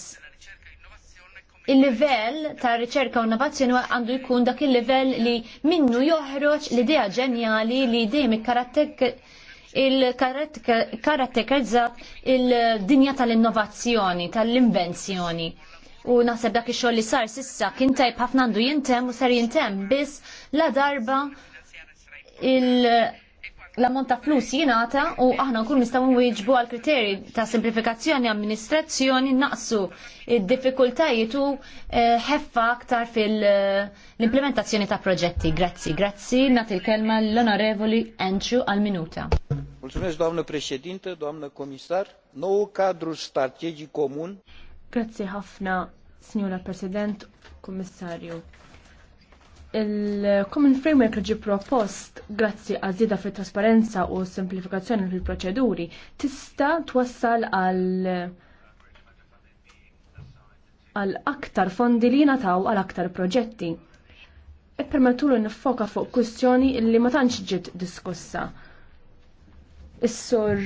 Il-livell ta' riċerka u innovazzjoni għandu jkun dak il-livell li minnu joħroġ l-idea ġenjali li dejjem il-karatterizza il-dinja tal-innovazzjoni, tal-invenzjoni u naħseb dak ix-xogħol li sar sissa kien tajb ħafna għandu jintem u ser jintem biss la darba il l-ammont ta' flus jingħata u aħna nkun nistgħu nwieġbu għal kriterji ta' simplifikazzjoni amministrazzjoni naqsu id-diffikultajiet u eh, ħeffa aktar fil-implementazzjoni ta' proġetti. Grazzi, grazzi, nagħti l-kelma l-Onorevoli Andrew għal-minuta. Mulțumesc, doamnă președintă, doamnă comisar. Nou cadru strategic comun Grazzi ħafna, Signora President, Kummissarju. Il-Common Framework ġi propost grazzi għazida fit trasparenza u simplifikazzjoni fil-proċeduri tista twassal għal għal aktar fondi li nataw għal aktar proġetti. Ippermettulu e nifoka fuq kwistjoni li ma tantx ġiet diskussa. Is-sur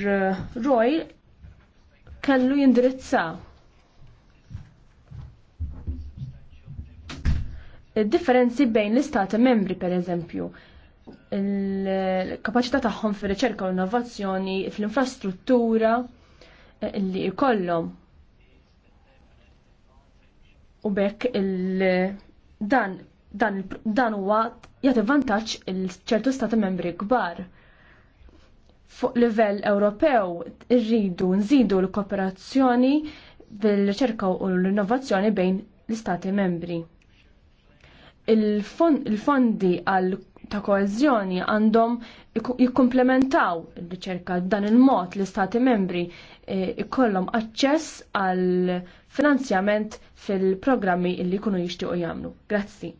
Roy kellu jindirizza differenzi bejn l-istati membri per eżempju il-kapacità tagħhom fir-riċerka u innovazzjoni fl-infrastruttura eh, li jkollhom. U bekk dan dan dan huwa jagħti vantaġġ il ċertu stati membri kbar. Fuq livell Ewropew irridu nżidu l-kooperazzjoni bil-riċerka u l-innovazzjoni bejn l-istati membri il-fondi għal ta' koezjoni għandhom jikkomplementaw il-riċerka dan il-mod l istati membri eh, ikollhom aċċess għal finanzjament fil-programmi li jkunu jixtiequ jagħmlu. Grazzi.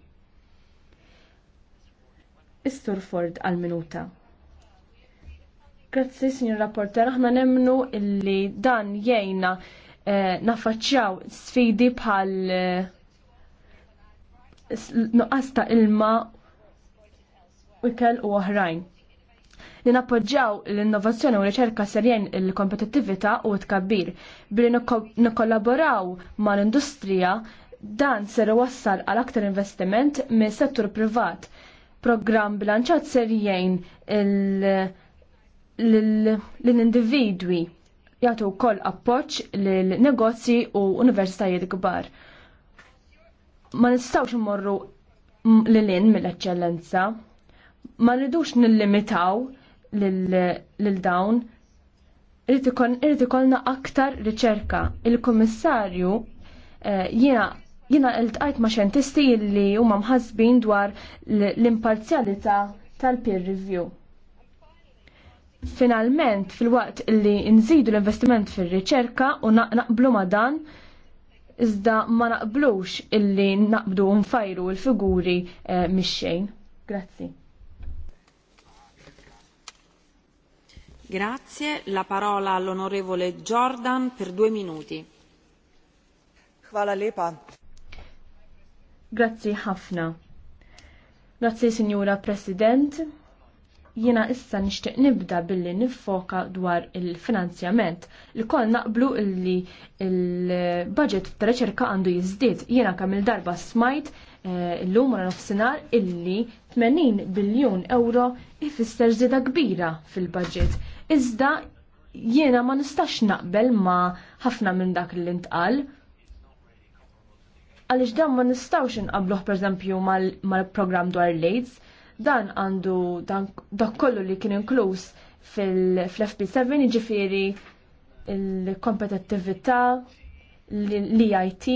Istur Ford għal minuta. Grazzi, signor rapporter, aħna nemnu illi dan jgħina eh, nafaċċjaw sfidi bħal eh, nuqqas ta' ilma ikel u oħrajn. Li nappoġġaw l-innovazzjoni u r-riċerka serjen il-kompetittività u tkabbir billi nikkollaboraw mal-industrija dan ser wassal għal aktar investiment minn settur privat. Programm bilanċat serjen l-individwi jagħtu wkoll appoġġ l negozji u universitajiet kbar. Ma nistawx immorru lilin mill-eċċellenza. Ma rridux nillimitaw lil dawn. Irrid ikollna aktar riċerka. Il-Kummissarju eh, jiena jiena iltqajt ma' xjentisti li huma mħasbin dwar l-imparzjalità tal-peer review. Finalment, fil-waqt li nżidu l-investiment fil-riċerka u naqblu ma dan, iżda ma naqblux illi naqbdu nfajru l-figuri eh, mix-xejn. Grazzi. Grazie, la parola all'onorevole Jordan per due minuti. Hvala lepa. Grazzi ħafna. Grazzi, Signora President jiena issa nixtieq nibda billi niffoka dwar il-finanzjament. il kol naqblu illi il-budget ta' riċerka għandu jiżdied. Jiena kemm il-darba smajt eh, illum wara nofsinhar illi 80 biljun euro ifisser zida kbira fil-budget. Iżda jiena ma nistax naqbel ma ħafna minn dak li ntqal għalix dan ma nistawx nqabluħ per mal-program dwar l-AIDS, Dan għandu dak kollu li kien inkluż fil-FP7 jiġifieri il-kompetittività, l-IT.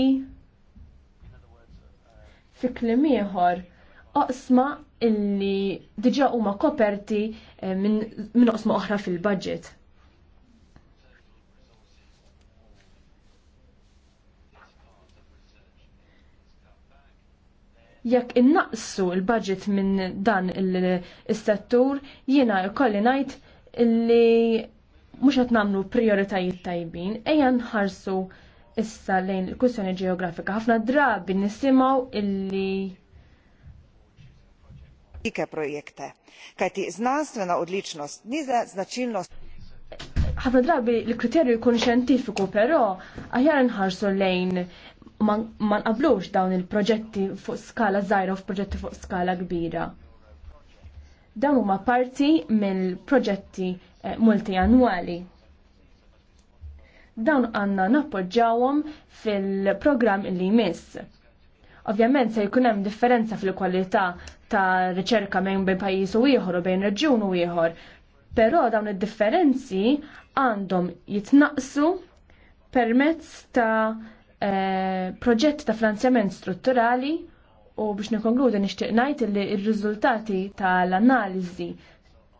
Fi kliem ieħor, oqsma illi diġa huma koperti eh, minn oqsma oħra fil-budget. jekk innaqsu il-budget minn dan il-settur, jiena jkolli ngħid li mhux qed nagħmlu prioritajiet tajbin, ejja nħarsu issa lejn il-kwistjoni ġeografika. Ħafna drabi nisimgħu illi Ike projekte, kajti znanstvena liċnost, niza značilnost. ħafna drabi l-kriterju jkun xjentifiku, però aħjar nħarsu lejn ma nqablux dawn il-proġetti fuq skala żgħira u f'proġetti fuq skala kbira. Dawn huma parti mill-proġetti eh, multianwali. Dawn għandna nappoġġawhom fil-programm li jmiss. Ovvjament se jkun hemm differenza fil-kwalità ta' riċerka minn bejn pajjiż u ieħor u bejn reġjun u ieħor, però dawn id-differenzi għandhom jitnaqsu permezz ta' Eh, proġett ta' finanzjament strutturali u biex nikonkludi nixtieq ngħid li r-riżultati tal-analiżi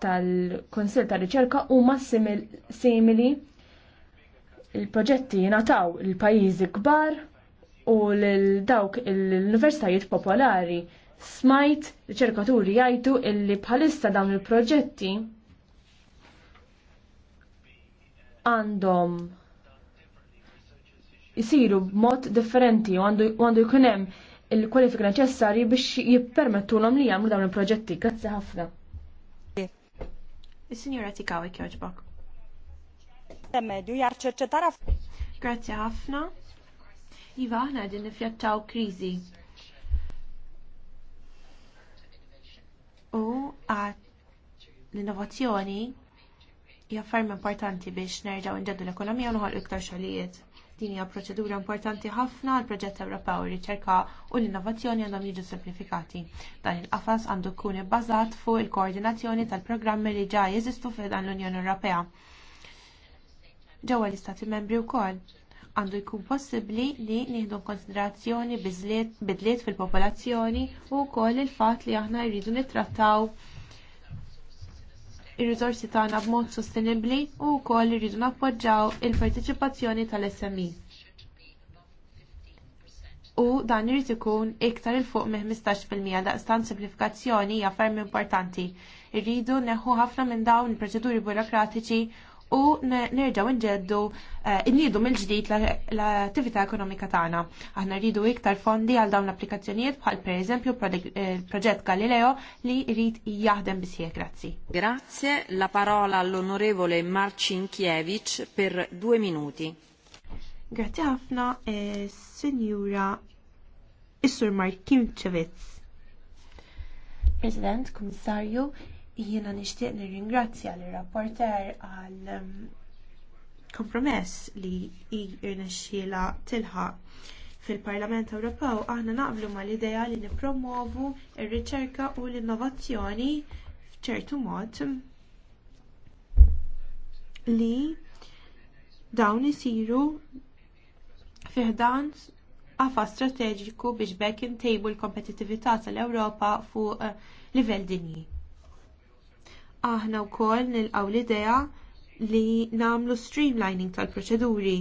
tal kunsill ta' Riċerka huma simili il-proġetti jingħataw il-pajjiżi kbar u lil dawk l-universitajiet popolari smajt riċerkaturi jgħidu illi bħalissa dawn il-proġetti għandhom jisiru b'mod differenti u għandu jkun hemm il-kwalifika neċessarji biex jippermettulhom li jagħmlu dawn il-proġetti. Grazzi ħafna. Is-Sinjura Tikawi kjoġbok. Medju Grazzi ħafna. Iva, aħna din nifjattaw kriżi. U għat l-innovazzjoni hija importanti biex nerġaw nġeddu l-ekonomija u nħol iktar xogħlijiet. Din hija proċedura importanti ħafna għal proġett Ewropew riċerka u l-innovazzjoni għandhom jiġu simplifikati. Dan il-qafas għandu jkun ibbażat fuq il-koordinazzjoni tal-programmi li ġa jeżistu f'dan l-Unjoni Ewropea. Ġewwa l-Istati Membri wkoll għandu jkun possibbli li nieħdu konsiderazzjoni bidliet fil-popolazzjoni u wkoll il-fatt li aħna jridu nittrattaw ir-riżorsi tagħna b'mod sostenibbli u wkoll irridu nappoġġjaw il-partiċipazzjoni tal-SMI. E. U dan irid ikun iktar il fuq minn 15% Daqstant simplifikazzjoni hija ferm importanti. Irridu neħu ħafna minn dawn il-proċeduri burokratiċi u nerġaw nġeddu eh, innidu mill-ġdid l-attività ekonomika tagħna. Aħna rridu iktar fondi għal dawn l-applikazzjonijiet bħal pereżempju il-proġett eh, Galileo li jrid jaħdem bisie. grazzi. Grazie, la parola all'onorevole Kiewicz per due minuti. Grazie ħafna, eh, Signora Is-Sur President, Komissarju, Jiena nixtieq nirringrazzja lir rapporter għal um, kompromess li jirnexxiela tilħaq fil-Parlament Ewropew aħna naqblu mal-idea li nippromovu r riċerka u l-innovazzjoni f'ċertu mod li dawn isiru fiħdan għafa strateġiku biex b'hekk intejbu l-kompetitività tal-Ewropa fuq uh, livell dinji. Aħna wkoll nilqgħu l-idea li nagħmlu streamlining tal-proċeduri.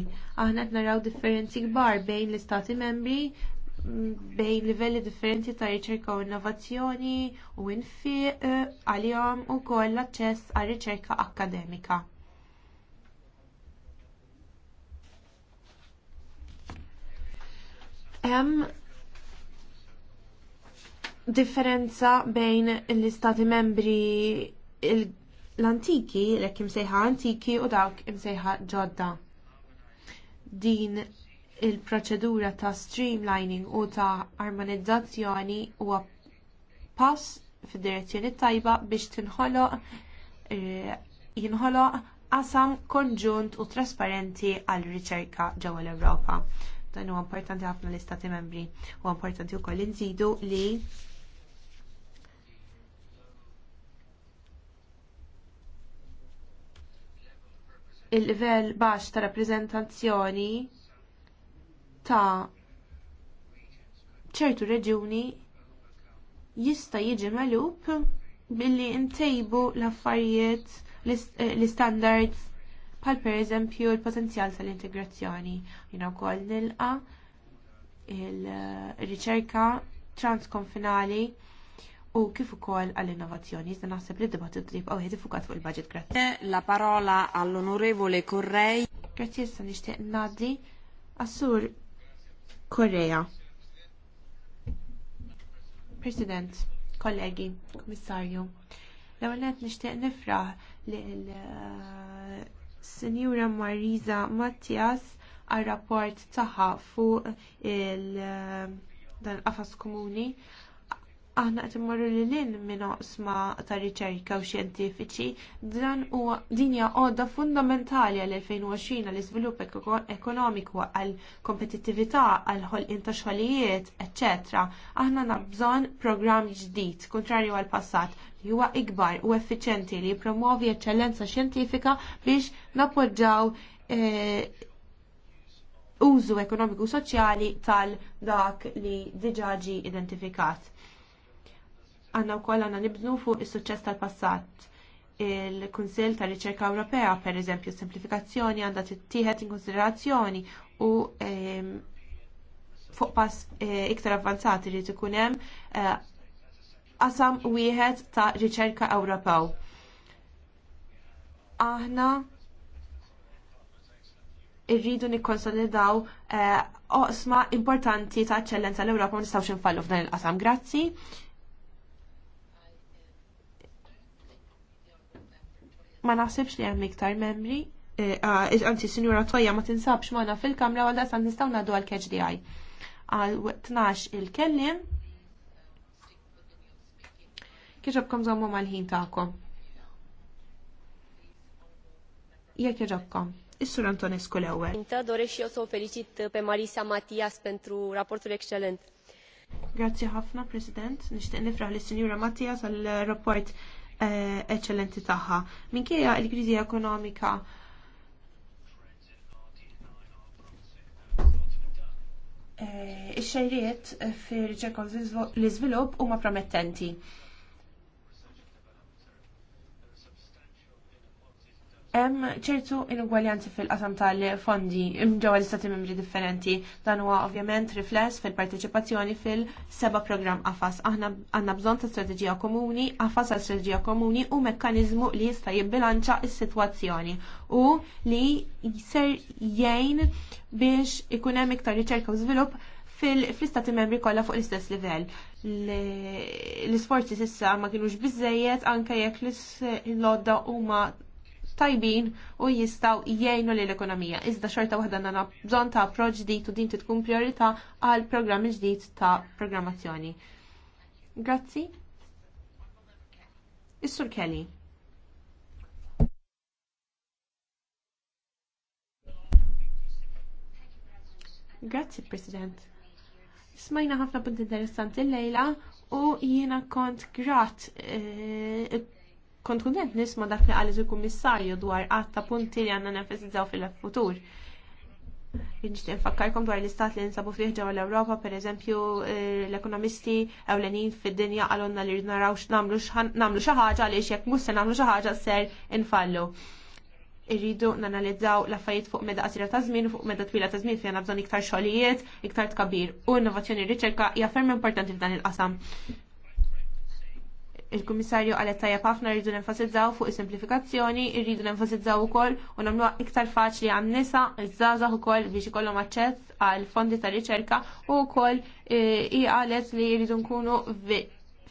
Aħna qed naraw differenzi kbar bejn l-istati membri mm, bejn livelli differenti ta' riċerka u innovazzjoni u infiq eh, għalihom ukoll l-aċċess għar riċerka akademika. Hemm differenza bejn l-istati membri l-antiki, l-ek imsejħa antiki u dawk imsejħa ġodda. Din il-proċedura ta' streamlining u ta' armonizzazzjoni huwa pass fid-direzzjoni tajba biex tinħoloq eh, jinħoloq qasam konġunt u trasparenti għal riċerka ġewwa l-Ewropa. Dan huwa importanti ħafna l-Istati membri. Huwa importanti wkoll inżidu li il-livell baxx ta' rappreżentazzjoni ta' ċertu reġuni jista' jiġi magħluq billi ntejbu l-affarijiet eh, l-standards bħal pereżempju l-potenzjal tal-integrazzjoni. Jina ukoll nilqa il-riċerka eh, transkonfinali u kif ukoll għall-innovazzjoni. Iżda naħseb li d-dibattit u jibqgħu fukat fuq il-budget. Grazzi. Eh, la parola all'onorevole Correi. Grazzi issa nixtieq ngħaddi Assur Correa. President, kollegi, komissarju, l-ewwel nishtiq nifraħ li l eh, Sinjura Marisa Mattias għar rapport tagħha fuq il eh, dan qafas komuni aħna qed immorru lil min noqsma ta' riċerka u xjentifiċi, dan huwa din hija għodda fundamentali għal 2020 għal iżvilupp ekonomiku għal kompetittività għal ħolqien ta' xogħlijiet, etc. Aħna nabżon programm ġdid kontrarju għal passat li huwa ikbar u effiċjenti li jippromovi eċċellenza xjentifika biex nappoġġaw eh, użu ekonomiku soċjali tal dak li diġaġi identifikat għanna u koll għanna nibnu fuq il-suċċess tal-passat. Il-Kunsil tal Riċerka Ewropea, per eżempju, semplifikazzjoni għandha tittieħed in konsiderazzjoni u ehm, fuq pass eh, iktar avvanzati li ikun hemm eh, qasam wieħed ta' riċerka Ewropew. Aħna irridu nikkonsolidaw eh, oqsma importanti ta' ċellenza l-Ewropa ma nistgħux infallu f'dan il-qasam. Grazzi. ma naħsibx li hemm iktar membri, eh, eh, anzi sinjura Toja ma tinsabx magħna fil-kamra għal daqs nistgħu ngħaddu għal għaj. Għal 12 il-kellim. Kieġobkom żommu mal-ħin tagħkom. Jekk jogħġobkom. Is-Sur Antonescu l-ewwel. Doresc și eu să felicit pe Marisa Mattias pentru raportul excelent. Grazzi ħafna, President. Nixtieq nifraħ lis-Sinjura Mattias għal rapport Eh, eċċellenti tagħha. Minkejja l kriżi ekonomika eh, ix-xejriet fir-ċirkol l-iżvilupp huma promettenti. Hemm ċertu inugwaljanzi fil-qasam tal-fondi ġewwa l-istati membri differenti dan huwa ovvjament rifless fil-parteċipazzjoni fil-seba' programm afas. Aħna għandna bżonn ta' strateġija komuni, afas għal strateġija komuni u mekkaniżmu li jista' jibbilanċa s-sitwazzjoni u li jser jgħin biex ikun hemm iktar riċerka u żvilupp fl-istati membri kollha fuq l-istess livell. L-isforzi sissa ma kienux bizzejiet anke jekk l-lodda huma tajbin u jistaw jgħinu li l-ekonomija. Iżda xorta waħda nana bżon ta' approċ ġdijt u din tkun priorità għal programm ġdid ta' programmazzjoni. Grazzi. Is-Sur Kelly. Grazzi, President. Smajna ħafna punt interessanti l-lejla u jiena kont grat eh, kont kuntent nisma dak li għaliz il-kummissarju dwar għatta punti li għanna nefessizzaw fil-futur. Nġti nfakkarkom dwar l-istat li nsabu fih ġewa l-Ewropa, per eżempju eh, l-ekonomisti ewlenin fid-dinja għalonna li rinaraw namlu xi ħaġa għaliex jekk mhux se nagħmlu xi ħaġa ser infallu. Irridu nanalizzaw l-affarijiet fuq meda qasira ta' żmien fuq meda twila ta' żmien fejn bżonn iktar xogħlijiet, iktar tkabir u innovazzjoni r riċerka hija ferm importanti f'dan il-qasam il-Kummissarju għalet tajjeb ħafna rridu nenfasizzaw fuq is-simplifikazzjoni, rridu nenfasizzaw ukoll u namlu iktar faċli għan nisa iż u ukoll biex ikollhom aċċess għal fondi ta' riċerka u wkoll eh, i qalet li rridu nkunu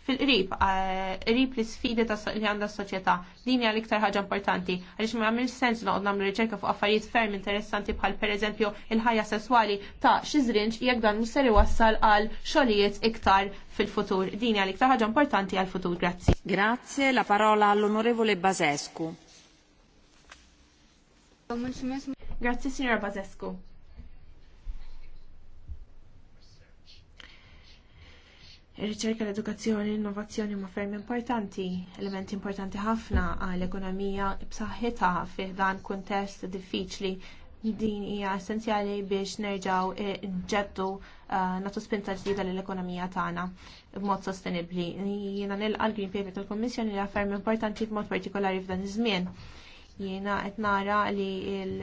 fil-qrib, eh, qrib l sfidi ta' li għandha s-soċjetà. Din hija l-iktar ħaġa importanti għaliex ma jagħmilx sens noqgħod nagħmlu riċerka fuq affarijiet ferm interessanti bħal pereżempju il-ħajja sesswali ta' xi żrinġ jekk dan mhux ser iwassal għal xogħlijiet iktar fil-futur. Din hija l-iktar ħaġa importanti għal-futur. Grazzi. Grazie, la parola all'onorevole Basescu. Grazie signora Basescu. Ir-riċerka l-edukazzjoni l-innovazzjoni ma' ferm importanti, elementi importanti ħafna għall-ekonomija b'saħħitha fi dan kuntest diffiċli din hija essenzjali biex nerġaw eh, ġeddu eh, natu spinta ġdida l-ekonomija tagħna b'mod sostenibbli. Jiena nilqa l-Green Paper tal-Kommissjoni li ferm importanti b'mod partikolari f'dan iż-żmien. Jiena qed nara li l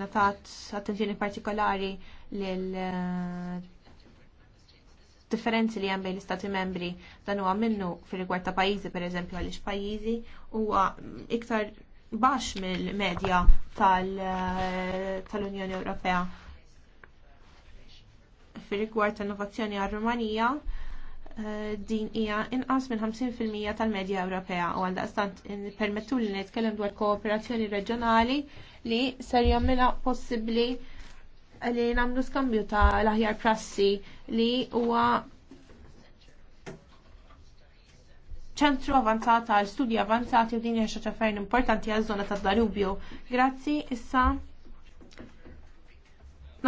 eh, tat attenzjoni partikolari lil differenzi li hemm bejn l-istati membri dan huwa minnu fil rigward ta' pajjiżi pereżempju għaliex pajjiżi huwa iktar baħx mill-medja tal-Unjoni Ewropea. Fir-rigward ta' innovazzjoni għar-Rumanija eh, din hija inqas minn 50% tal-medja Ewropea u għal daqstant eh, permettu li nitkellem dwar kooperazzjoni reġjonali li ser jagħmilha possibbli li nagħmlu skambju ta' l-aħjar prassi li huwa ċentru avanzata għal studji avanzati u din hija xi ħaġa importanti għal żona ta' Darubju. Grazzi, issa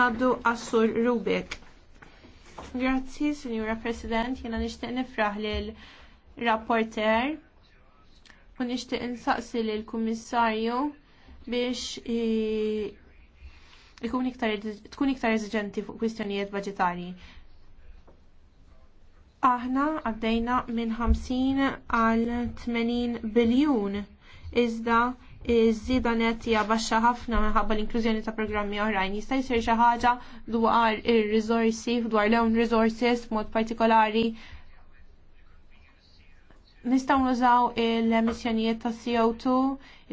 naddu għassur Rubik. Grazzi, Sinjura President, jena nixtieq nifraħ lil rapporter u nixtieq insaqsi lill kummissarju biex ikun iktar tkun iktar eżiġenti fuq kwistjonijiet budġetarji. Aħna għaddejna minn 50 għal 80 biljun iżda iż-żieda net hija baxxa ħafna minħabba l-inklużjoni ta' programmi oħrajn. Jista' jsir xi ħaġa dwar ir-risorsi dwar l ewwel resources b'mod partikolari Nistgħu nużaw l-emissjonijiet ta' CO2,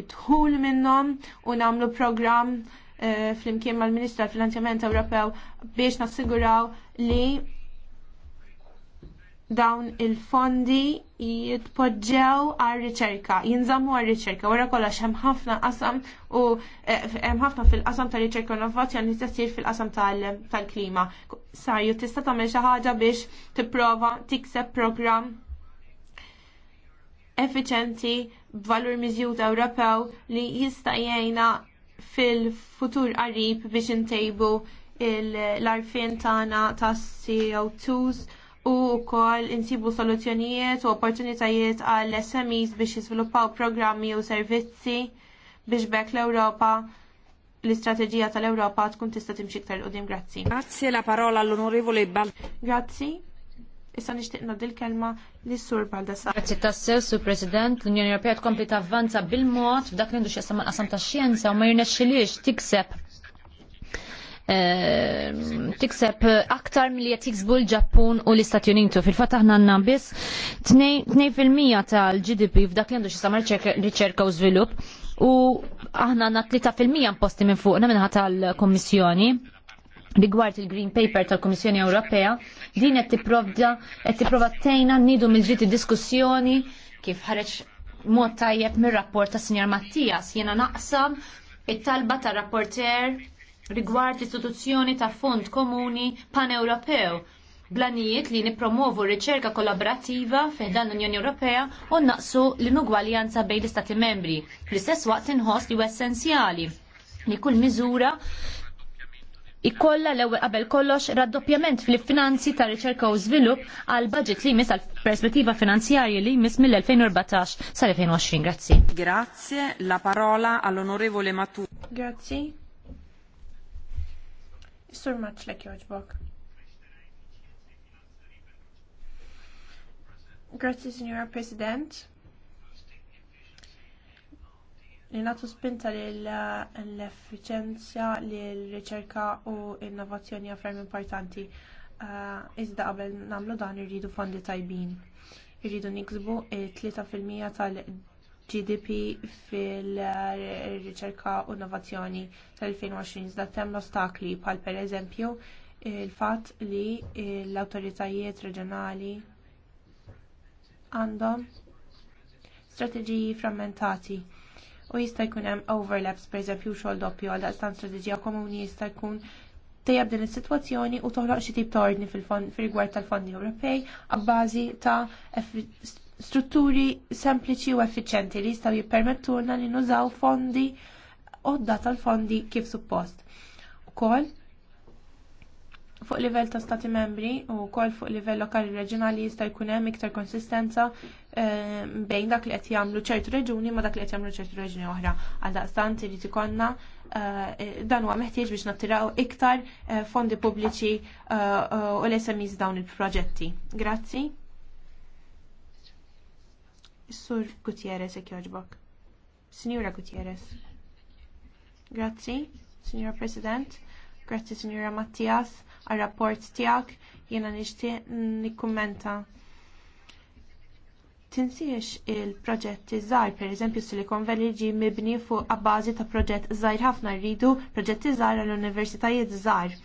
id-dħul minnhom u nagħmlu programm Eh, flimkien mal-Ministra tal-Finanzjament Ewropew biex nassiguraw li dawn il-fondi jitpoġġew għal riċerka, jinżammu għal riċerka, wara kollox hemm ħafna qasam u eh, hemm ħafna fil-qasam ta' riċerka u innovazzjoni li tisir fil-qasam tal-klima. Sarju tista' tagħmel xi ħaġa biex tipprova tikseb programm effiċenti b'valur miżjud Ewropew li jista' jgħinna fil-futur qarib biex intejbu l arfien tagħna ta' CO2s u wkoll insibu soluzzjonijiet u opportunitajiet għall SMEs biex jisviluppaw programmi u servizzi biex bekk l-Ewropa l-istrateġija tal-Ewropa tkun tista' timxi iktar qudiem. Grazzi. Grazzi la parola l-Onorevole Bal. Grazzi. Issa nixtieq dil-kelma li sur Balda Sa. Grazzi tassew, Sur President, l-Unjoni Ewropea tkompli tavvanza bil-mod f'dak li ndux jasam qasam tax xjenza u ma jirnexxilix tikseb ehm, tikseb aktar mill qed jiksbu l-Ġappun u l-Istati Unitu. Fil-fatt aħna għandna biss 2% tal-GDP f'dak li għandu xi samar riċerka u żvilupp u aħna għandna 3% imposti minn fuqna minnħa tal-Kommissjoni rigward il-Green Paper tal-Komissjoni Ewropea, din qed tipprovda qed tipprova tejna nidu mill-ġrid diskussjoni kif ħareġ mod tajjeb mir-rapport ta' Sinjar Mattias jiena naqsam it-talba tar rapporter rigward l-istituzzjoni ta' fond komuni pan-Ewropew blanijiet li nipromovu riċerka kollaborattiva fiħdan l-Unjoni Ewropea u naqsu l-inugwaljanza bejn l-Istati membri. l istess waqt inħoss li huwa essenzjali li kull miżura ikolla l-ewwel qabel kollox raddoppjament fil-finanzi ta' riċerka u żvilupp għal budget li jmiss għal perspettiva finanzjarja li jmiss mill-2014 sal-2020. Grazzi. Grazie. La parola all'onorevole Matu. Grazzi. Sur Maċlek joġbok. Grazie, Signora President li nagħtu spinta l-effiċenzja l-riċerka u innovazzjoni għafrem importanti. Ah, iżda qabel nagħmlu dan irridu fondi tajbin. Irridu niksbu 3% tal-GDP fil-riċerka u innovazzjoni tal-2020 iżda temm l-ostakli bħal pereżempju il fatt li l awtoritajiet reġjonali għandhom strateġiji frammentati u jista' jkun hemm overlaps pereżempju xogħol doppju għal daqstan strateġija komuni jista' jkun tejjeb din is-sitwazzjoni u toħloq xi tip ta' ordni fil-rigward tal-fondi Ewropej għabbażi ta' strutturi sempliċi u effiċenti li jistgħu jippermettulna li nużaw fondi għodda tal-fondi kif suppost. Ukoll fuq livell ta' stati membri u wkoll fuq livell lokali reġjonali jista' jkun hemm iktar konsistenza ehm, bejn dak li qed jagħmlu ċertu reġuni ma dak li qed jagħmlu ċertu reġuni oħra. Għaldaqstant irid ikollna eh, eh, dan huwa meħtieġ biex nattiraw iktar eh, fondi pubbliċi u l-SMEs dawn il-proġetti. Grazzi. Sur Gutierrez jekk jogħġbok. Signora Gutierrez. Grazzi, Signora President. Grazzi, Signora Mattias għal-rapport tijak jena nixtieq nikkummenta. Tinsiex il-proġetti żgħar, pereżempju Silicon Valley ġi mibni fuq abbażi ta' proġett żgħar ħafna rridu proġetti żgħar għall-universitajiet żgħar.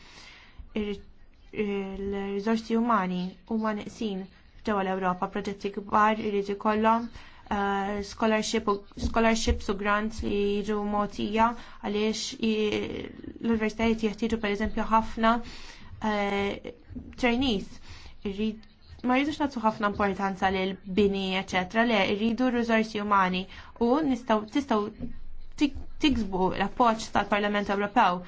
Il-riżorsi umani huma neqsin ġewwa l-Ewropa proġetti kbar irid ikollhom Uh, scholarships u grants li jiġu motija għaliex l-universitajiet jeħtieġu pereżempju ħafna Eh, trainees irrid ma jridux nagħtu ħafna importanza lil bini eċetera, le rridu r-riżorsi umani u nistgħu tistgħu tiksbu l-appoġġ tal-Parlament Ewropew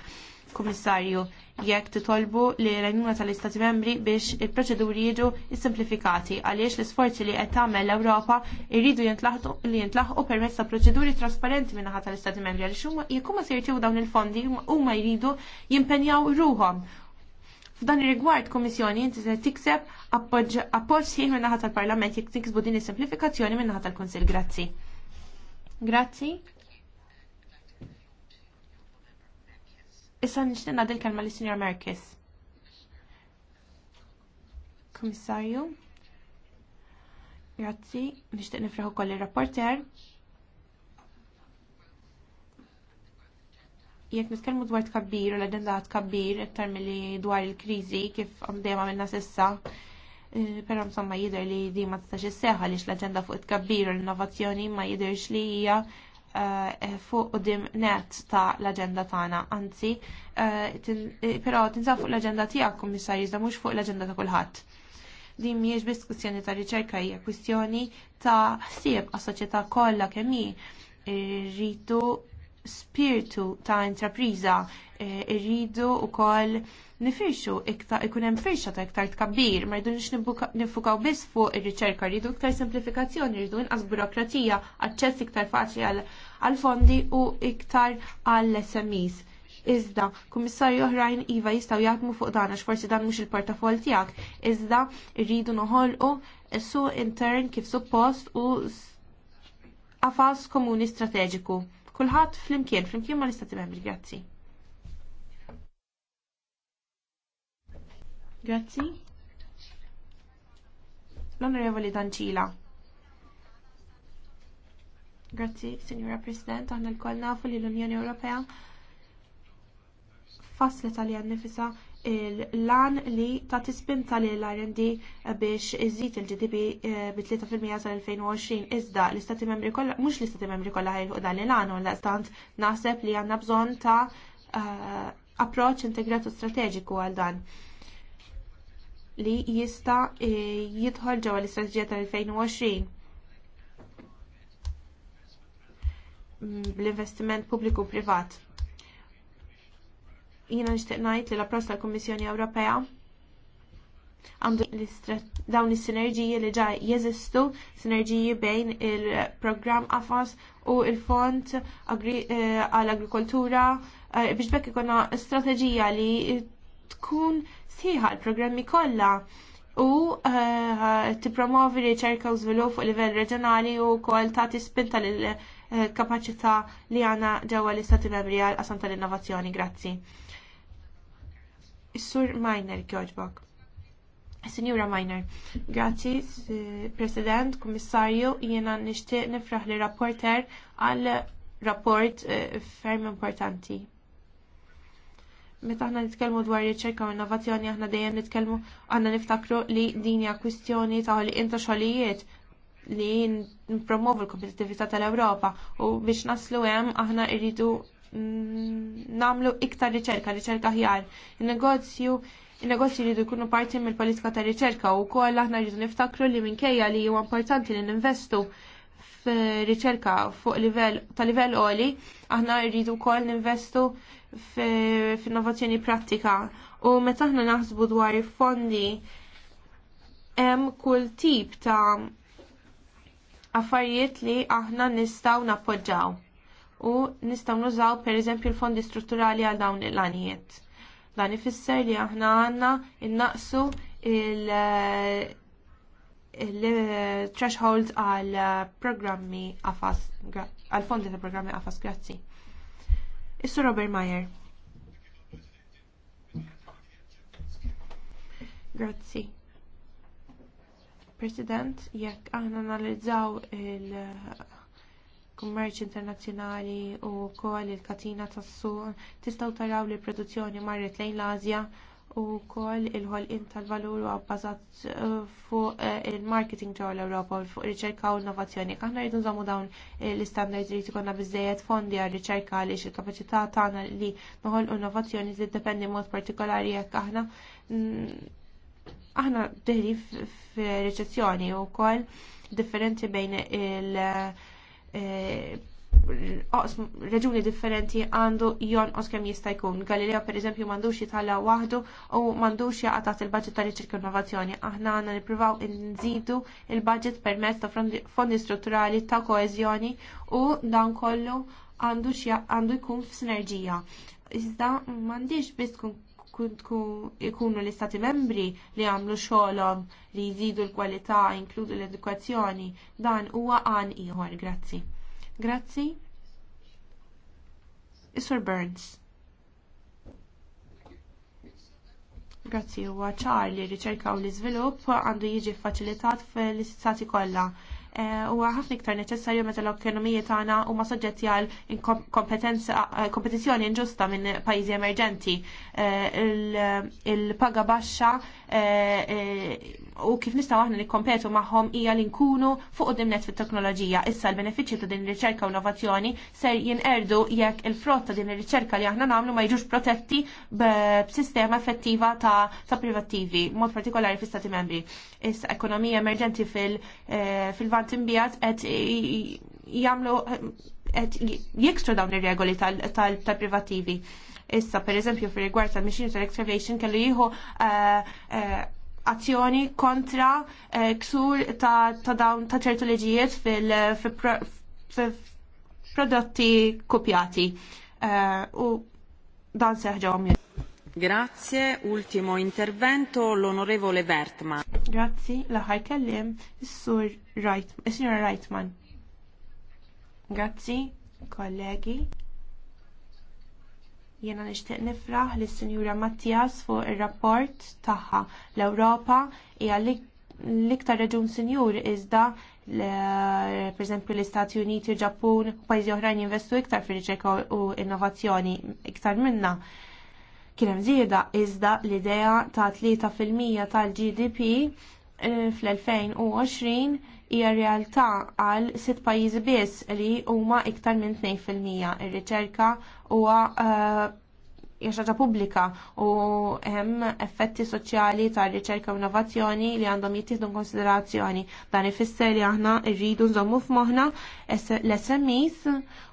Kummissarju jekk titolbu li l-għajnuna tal-Istati membri biex il-proċeduri jiġu simplifikati għaliex l-isforzi li qed tagħmel l-Ewropa jridu li jintlaħqu permezz ta' proċeduri trasparenti minn tal-Istati membri għaliex huma jekk huma dawn il-fondi huma jridu jimpenjaw ruhom F'dan ir-rigward Kummissjoni inti se tikseb appoġġ sieħ minn naħa tal-Parlament jekk tiksbu din is-simplifikazzjoni minn naħa tal-Kunsill. Grazzi. Grazzi. Issa nixtieq ngħaddi l-kelma lis-Sinjor Merkis. Kummissarju. Grazzi, nixtieq nifreħ ukoll ir-rapporter. jekk nitkellmu dwar tkabbir u l-agenda tkabbir iktar milli dwar il-kriżi kif għamdejma minna sissa. Eh, però insomma jidher li di ma tistax isseħħa għaliex l-aġenda fuq tkabbir u l-innovazzjoni ma jidherx li hija eh, fuq dim net ta' l-aġenda tagħna. Anzi, eh, però tinsab fuq l-aġenda tiegħek kummissarju iżda mhux fuq l-aġenda ta' kulħadd. Din mhijiex biss kwistjoni ta' riċerka hija kwistjoni ta' ħsieb għas-soċjetà kollha kemm hi spiritu ta' intrapriża eh, irridu wkoll nifirxu iktar ikun hemm firxa ta' iktar tkabbir, ma rridux nifukaw biss fuq ir-riċerka, rridu iktar semplifikazzjoni, rridu inqas burokratija, aċċess iktar faċli għal fondi u iktar għall SMEs. Iżda, kummissarju oħrajn iva jistgħu jaħdmu fuq dan għax forsi dan mhux il-portafol tiegħek, iżda rridu noħolqu su intern kif suppost u qafas komuni strateġiku kulħadd flimkien, flimkien ma l-istati membri, grazzi. Grazzi. L-Onorevoli Dancila. Grazzi, Signora President, aħna l-koll nafu li l-Unjoni Ewropea faslet għalija nifisa l-lan li ta' tispinta tal rd biex iżid il-GDP eh, bi 3% sal-2020 iżda l-istati membri kollha mhux l-istati membri kollha ħajħuq dan il-għan u l-istant naħseb li għandna bżonn ta' eh, approċċ integrat u strateġiku għal dan li jista eh, jidħol ġewwa l-istrateġija tal-2020 mm, bl-investiment pubbliku privat. Jiena nixtieq ngħid li l approċ tal-Kummissjoni Ewropea għandu dawn is-sinerġiji li ġa jeżistu, sinerġiji bejn il-programm AFAS u il-Fond eh, għall-Agrikoltura eh, biex bekk ikonna strateġija li tkun siħa l-programmi kollha u eh, tippromovi riċerka u żvilupp fuq livell reġjonali u wkoll tagħti spinta lill kapaċità li għandna ġewwa l-Istati Membri għal qasam tal-innovazzjoni. Grazzi. Is-sur Miner kjoġbok. Signora Miner, grazzi, President, Komissarju, jiena nixtieq nifraħ li rapporter għal rapport ferm importanti. Meta aħna nitkellmu dwar riċerka u innovazzjoni aħna dejjem nitkellmu aħna niftakru li din hija kwistjoni ta' li inta xogħlijiet li nippromovu l-kompetitività tal-Ewropa u biex naslu hemm aħna rridu Mm, namlu iktar riċerka, riċerka ħjar. Il-negozju il negozju rridu jkunu parti mill-politika ta' riċerka u koll aħna rridu niftakru li minkejja li huwa importanti li ninvestu f'riċerka fuq livell ta' livell għoli, aħna rridu wkoll ninvestu f'innovazzjoni prattika. U meta aħna naħsbu dwar fondi hemm kull tip ta' affarijiet li aħna nistgħu nappoġġaw u nistgħu nużaw pereżempju l-fondi strutturali għal dawn l-għanijiet. Dan ifisser li aħna għanna innaqsu il-threshold eh, għal programmi għafas, għal fondi ta' programmi għafas, grazzi. Issu Robert Mayer. Grazzi. President, jekk aħna analizzaw il- kummerċ internazzjonali u wkoll il-katina tas-suq tistgħu taraw li l-produzzjoni marret lejn l-Asja u wkoll il-ħolqien tal-valur huwa bbażat eh, fuq eh, il-marketing ġewwa l-Ewropa u fuq riċerka u innovazzjoni. Aħna rridu nżommu dawn l-istandards li jkollna biżżejjed fondi għal riċerka għaliex il-kapaċità tagħna li noħolqu innovazzjoni tiddependi mod partikolari jekk aħna mm, aħna deħli f u kol differenti bejn il- Eh, reġuni differenti għandu jon kemm jista' jkun. Galileo eżempju m'għandux jitħalla waħdu u m'għandux jaqa' il-budget ta' riċerka innovazzjoni. Aħna għandna nippruvaw nżidu il-budget permezz ta' fondi strutturali ta' koezjoni u dan kollu għandu jkun f'sinerġija. Iżda mandiġ biss ikunu l-istati membri li għamlu xogħolhom li jżidu l-kwalità inkludu l-edukazzjoni dan huwa għan ieħor grazzi. Grazzi. Isur Burns. Grazzi huwa ċar li riċerkaw l-iżvilupp għandu jiġi faċilitat fl-istati kollha Eh, huwa ħafna iktar neċessarju meta l-ekonomija tagħna huma soġġetti għal eh, kompetizzjoni inġusta minn pajjiżi emerġenti. Eh, il-paga baxxa u kif nistgħu aħna nikkompetu magħhom hija li nkunu fuq net fit-teknoloġija. Issa l-benefiċċji ta' din ir-riċerka u innovazzjoni ser jinqerdu jekk il-frott ta' din ir-riċerka li aħna nagħmlu ma jiġux protetti b'sistema effettiva ta' privattivi, mod partikolari fl istati membri. Issa ekonomija emerġenti fil-varji kultant imbijat et jamlu et jekstra dawn ir-regoli tal privativi Issa, per eżempju, fi rigward tal-machine tal-excavation kellu jieħu eh, eh, azzjoni kontra eh, ksur ta' dawn ta' ċertu leġijiet fil-prodotti kopjati. U dan seħġa Grazie, ultimo intervento l'onorevole Bertman. Grazie, l-ħar kellim is-sur Reitman. Reitman. Grazie, kollegi. Jena nixtieq nifraħ lis sinjura Mattias fuq ir-rapport tagħha. L-Ewropa hija l-iktar reġun sinjur iżda pereżempju l-Istati Uniti, Ġappun, pajjiżi oħrajn jinvestu iktar fir-riċerka u innovazzjoni iktar minna. Kien hemm żieda iżda l-idea ta' 3% tal-GDP eh, fl-2020 hija realtà għal sitt pajjiżi biss li huma iktar minn 2%. Ir-riċerka huwa eh, hija xaġa pubblika u hemm effetti soċjali tar riċerka u innovazzjoni li għandhom jittieħdu konsiderazzjoni. Dan ifisser li aħna rridu nżommu f'moħħna l-SMEs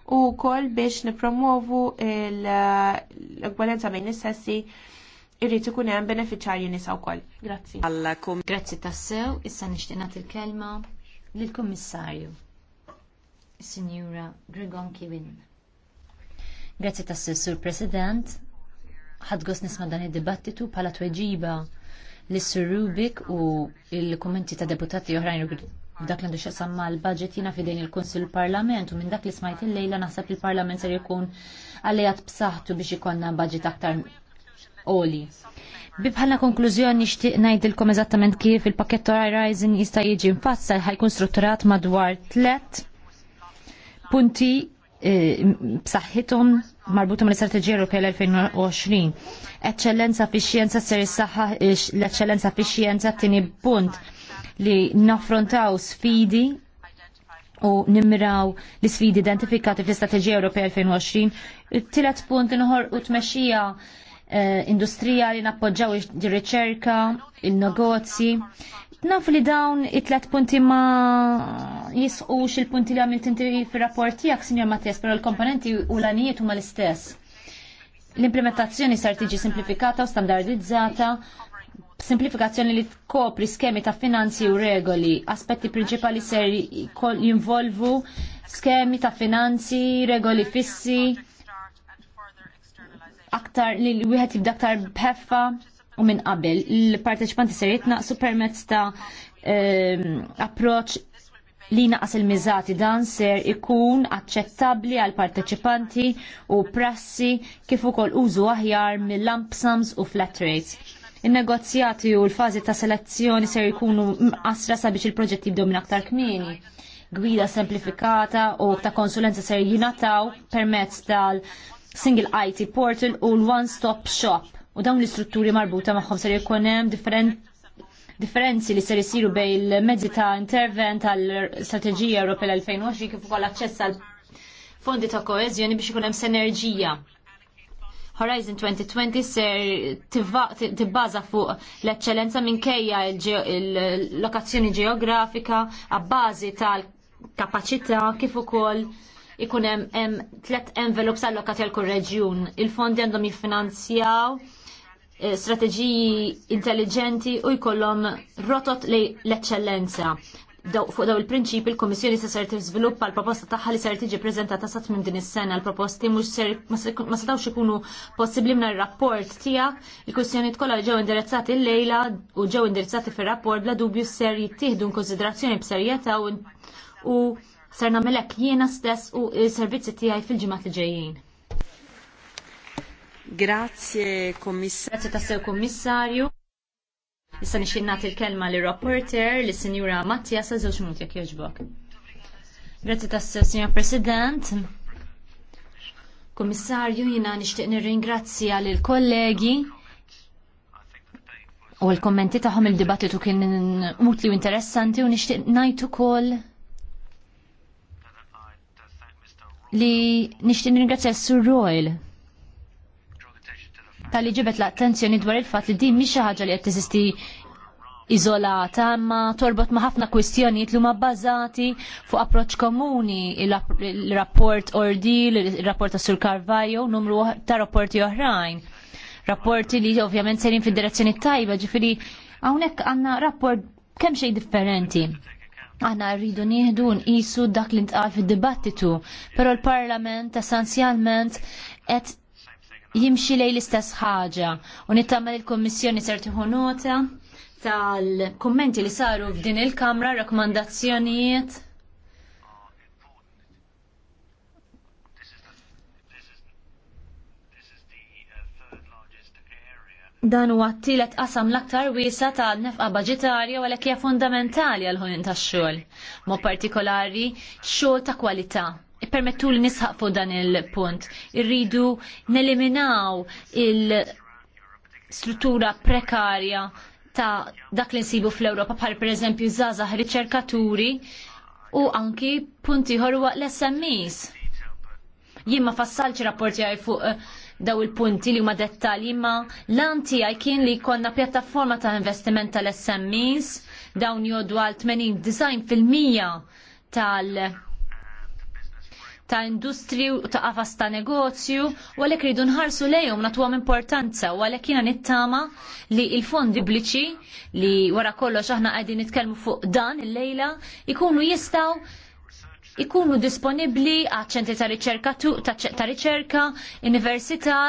u kol biex nipromovu l-egwalenza bejn nissessi sessi ikun hemm benefiċjarji nisa wkoll. Grazzi. kum. Grazzi tassew, issa nixtieq nagħti l-kelma lill-Kummissarju. Signora Gregon Kivin. Grazzi tassew, Sur President. Ħadgos nisma' dan id-dibattitu bħala tweġiba l-Sur Rubik u l kummenti ta' deputati oħrajn dak li għandu samma l-budget jina fidejn il-Konsil Parlament u minn dak li smajt il-lejla naħseb il-Parlament ser jkun għallijat b'saħtu biex ikonna budget aktar oli. Bibħalna konklużjoni xtiq najdilkom eżattament kif il-pakket Horizon jista' jiġi mfassa ħajkun strutturat madwar tlet punti eh, b'saħħithom marbuta mal istrateġija Ewropea l-2020. Eċċellenza fix-xjenza s saħħa eh, l-eċċellenza fix-xjenza tieni punt li naffrontaw sfidi u nimraw l sfidi identifikati fl-Istrateġija Ewropea 2020. Tilet punt nħor u tmexxija eh, li nappoġġaw ir-riċerka, il-negozji. Naf li dawn it-tlet punti ma jisqux il-punti li għamilt inti fil-rapport tijak, Signor Mattias, pero l-komponenti u l-anijiet huma l-istess. L-implementazzjoni sar tiġi simplifikata u standardizzata simplifikazzjoni li tkopri skemi ta' finanzi u regoli, aspetti prinċipali ser jinvolvu skemi ta' finanzi, regoli fissi, aktar li wieħed jibda aktar bħeffa u minn qabel. Il-parteċipanti ser jitnaqsu permezz ta' ehm, approċ li naqas il-mizzati dan ser ikun aċċettabbli għal parteċipanti u prassi kif ukoll użu aħjar mill-lump sums u flat rates Il-negozjati u l-fazi ta' selezzjoni ser jkunu asra sabiex il-proġett jibdew minn aktar kmieni. Gwida semplifikata u ta' konsulenza ser jinataw permezz tal-Single IT Portal u l-One-Stop Shop. U dawn l-istrutturi marbuta magħhom ser jkunem hemm different differenzi li ser isiru bej l mezzi ta' intervent tal-Strateġija Ewropea 2020 kif ukoll aċċess għal fondi ta' koeżjoni biex ikun hemm sinerġija Horizon 2020 ser tibbaza fuq l-eccellenza minkejja il-lokazzjoni ġeografika bazi tal-kapacità kif ukoll ikun hemm tliet envelopes allokati għal kull reġjun. Il-fondi għandhom jiffinanzjaw eh, strateġiji intelligenti u jkollhom rotot l-eċċellenza fuq daw il-prinċip il-Komissjoni se ser tiżviluppa l-proposta tagħha li ser tiġi preżentata sa minn din is-sena. L-proposti mhux ser ma setgħux ikunu possibbli minn ir-rapport tiegħek il-kwistjoni kollha ġew indirizzati l-lejla u ġew indirizzati fir-rapport bla dubju ser jittieħdu konsiderazzjoni b'serjetà u ser nagħmelek jiena stess u s-servizzi tiegħi fil-ġimgħat li ġejjin. Grazie, Commissario. Grazie, tassew, Commissario. Issa nixin nagħti l-kelma li rapporter li sinjura Mattia sa' żewġ minuti jekk jogħġbok. Grazzi tas signor President. Kummissarju jiena nixtieq nirringrazzja l kollegi u l-kommenti tagħhom il-dibattitu kien mutli u interessanti u nixtieq ngħid ukoll li nixtieq ringrazzja s-Sur Royal tal-li ġibet l-attenzjoni dwar il-fat li din mhix xi ħaġa li qed teżisti izolata ma torbot ma ħafna kwistjonijiet li huma bbażati fuq approċċ komuni il-rapport ordi, il-rapport ta' Sur Carvajo, numru ta' rapporti oħrajn. Rapporti li ovvjament serin fid-direzzjoni tajba, ġifiri, hawnhekk għandna rapport kemm xejn differenti. Aħna rridu nieħdu nqisu dak li ntqal fid-dibattitu, però l-Parlament essenzjalment qed jimxi lej l-istess ħaġa u nittama il-Kommissjoni ser tieħu nota tal-kommenti li saru f'din il-Kamra, rakkomandazzjonijiet. dan huwa t-tielet qasam l-aktar wiesa ta' nefqa baġitarja għalhekk hija fundamentali għal ħolin tax-xogħol, mod partikolari xogħol ta' kwalità permettu li nisħaq fuq dan il-punt. Irridu neliminaw il-struttura prekarja ta' dak li nsibu fl-Europa bħal per eżempju zazah riċerkaturi u anki punti ħorwa l-SMEs. Jimma fassalċi rapporti għaj fuq eh, daw il-punti li huma dettalji ma l-anti għaj kien li konna pjattaforma ta' investiment tal-SMEs dawn jodu għal 80-90% tal- ta' industri u ta' qafas ta' negozju u għalhekk ridu nħarsu lejhom nagħtuhom importanza u għalhekk jiena nittama li l-fondi pubbliċi li wara kollox aħna qegħdin nitkellmu fuq dan il-lejla ikunu jistgħu ikunu disponibbli għal ċentri ta' riċerka ta' riċerka, università,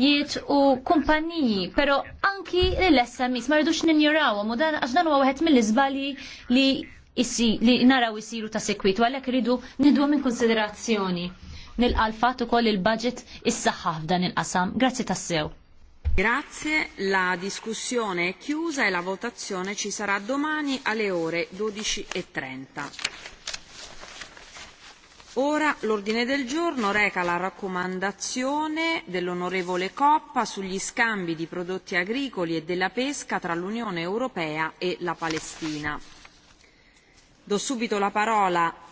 jiet u kumpaniji, pero anki l-SMIs ma rridux ninjurawhom u dan għax dan huwa wieħed mill iżbalji li li naraw jisiru ta' sekwitu għalek ridu nidu minn konsiderazzjoni nil-qalfat koll il-budget is-saħħa f'dan il-qasam. Grazie tassew. Grazie, la discussione è chiusa e la votazione ci sarà domani alle ore 12.30. E Ora l'ordine del giorno reca la raccomandazione dell'onorevole Coppa sugli scambi di prodotti agricoli e della pesca tra l'Unione Europea e la Palestina. Do subito la parola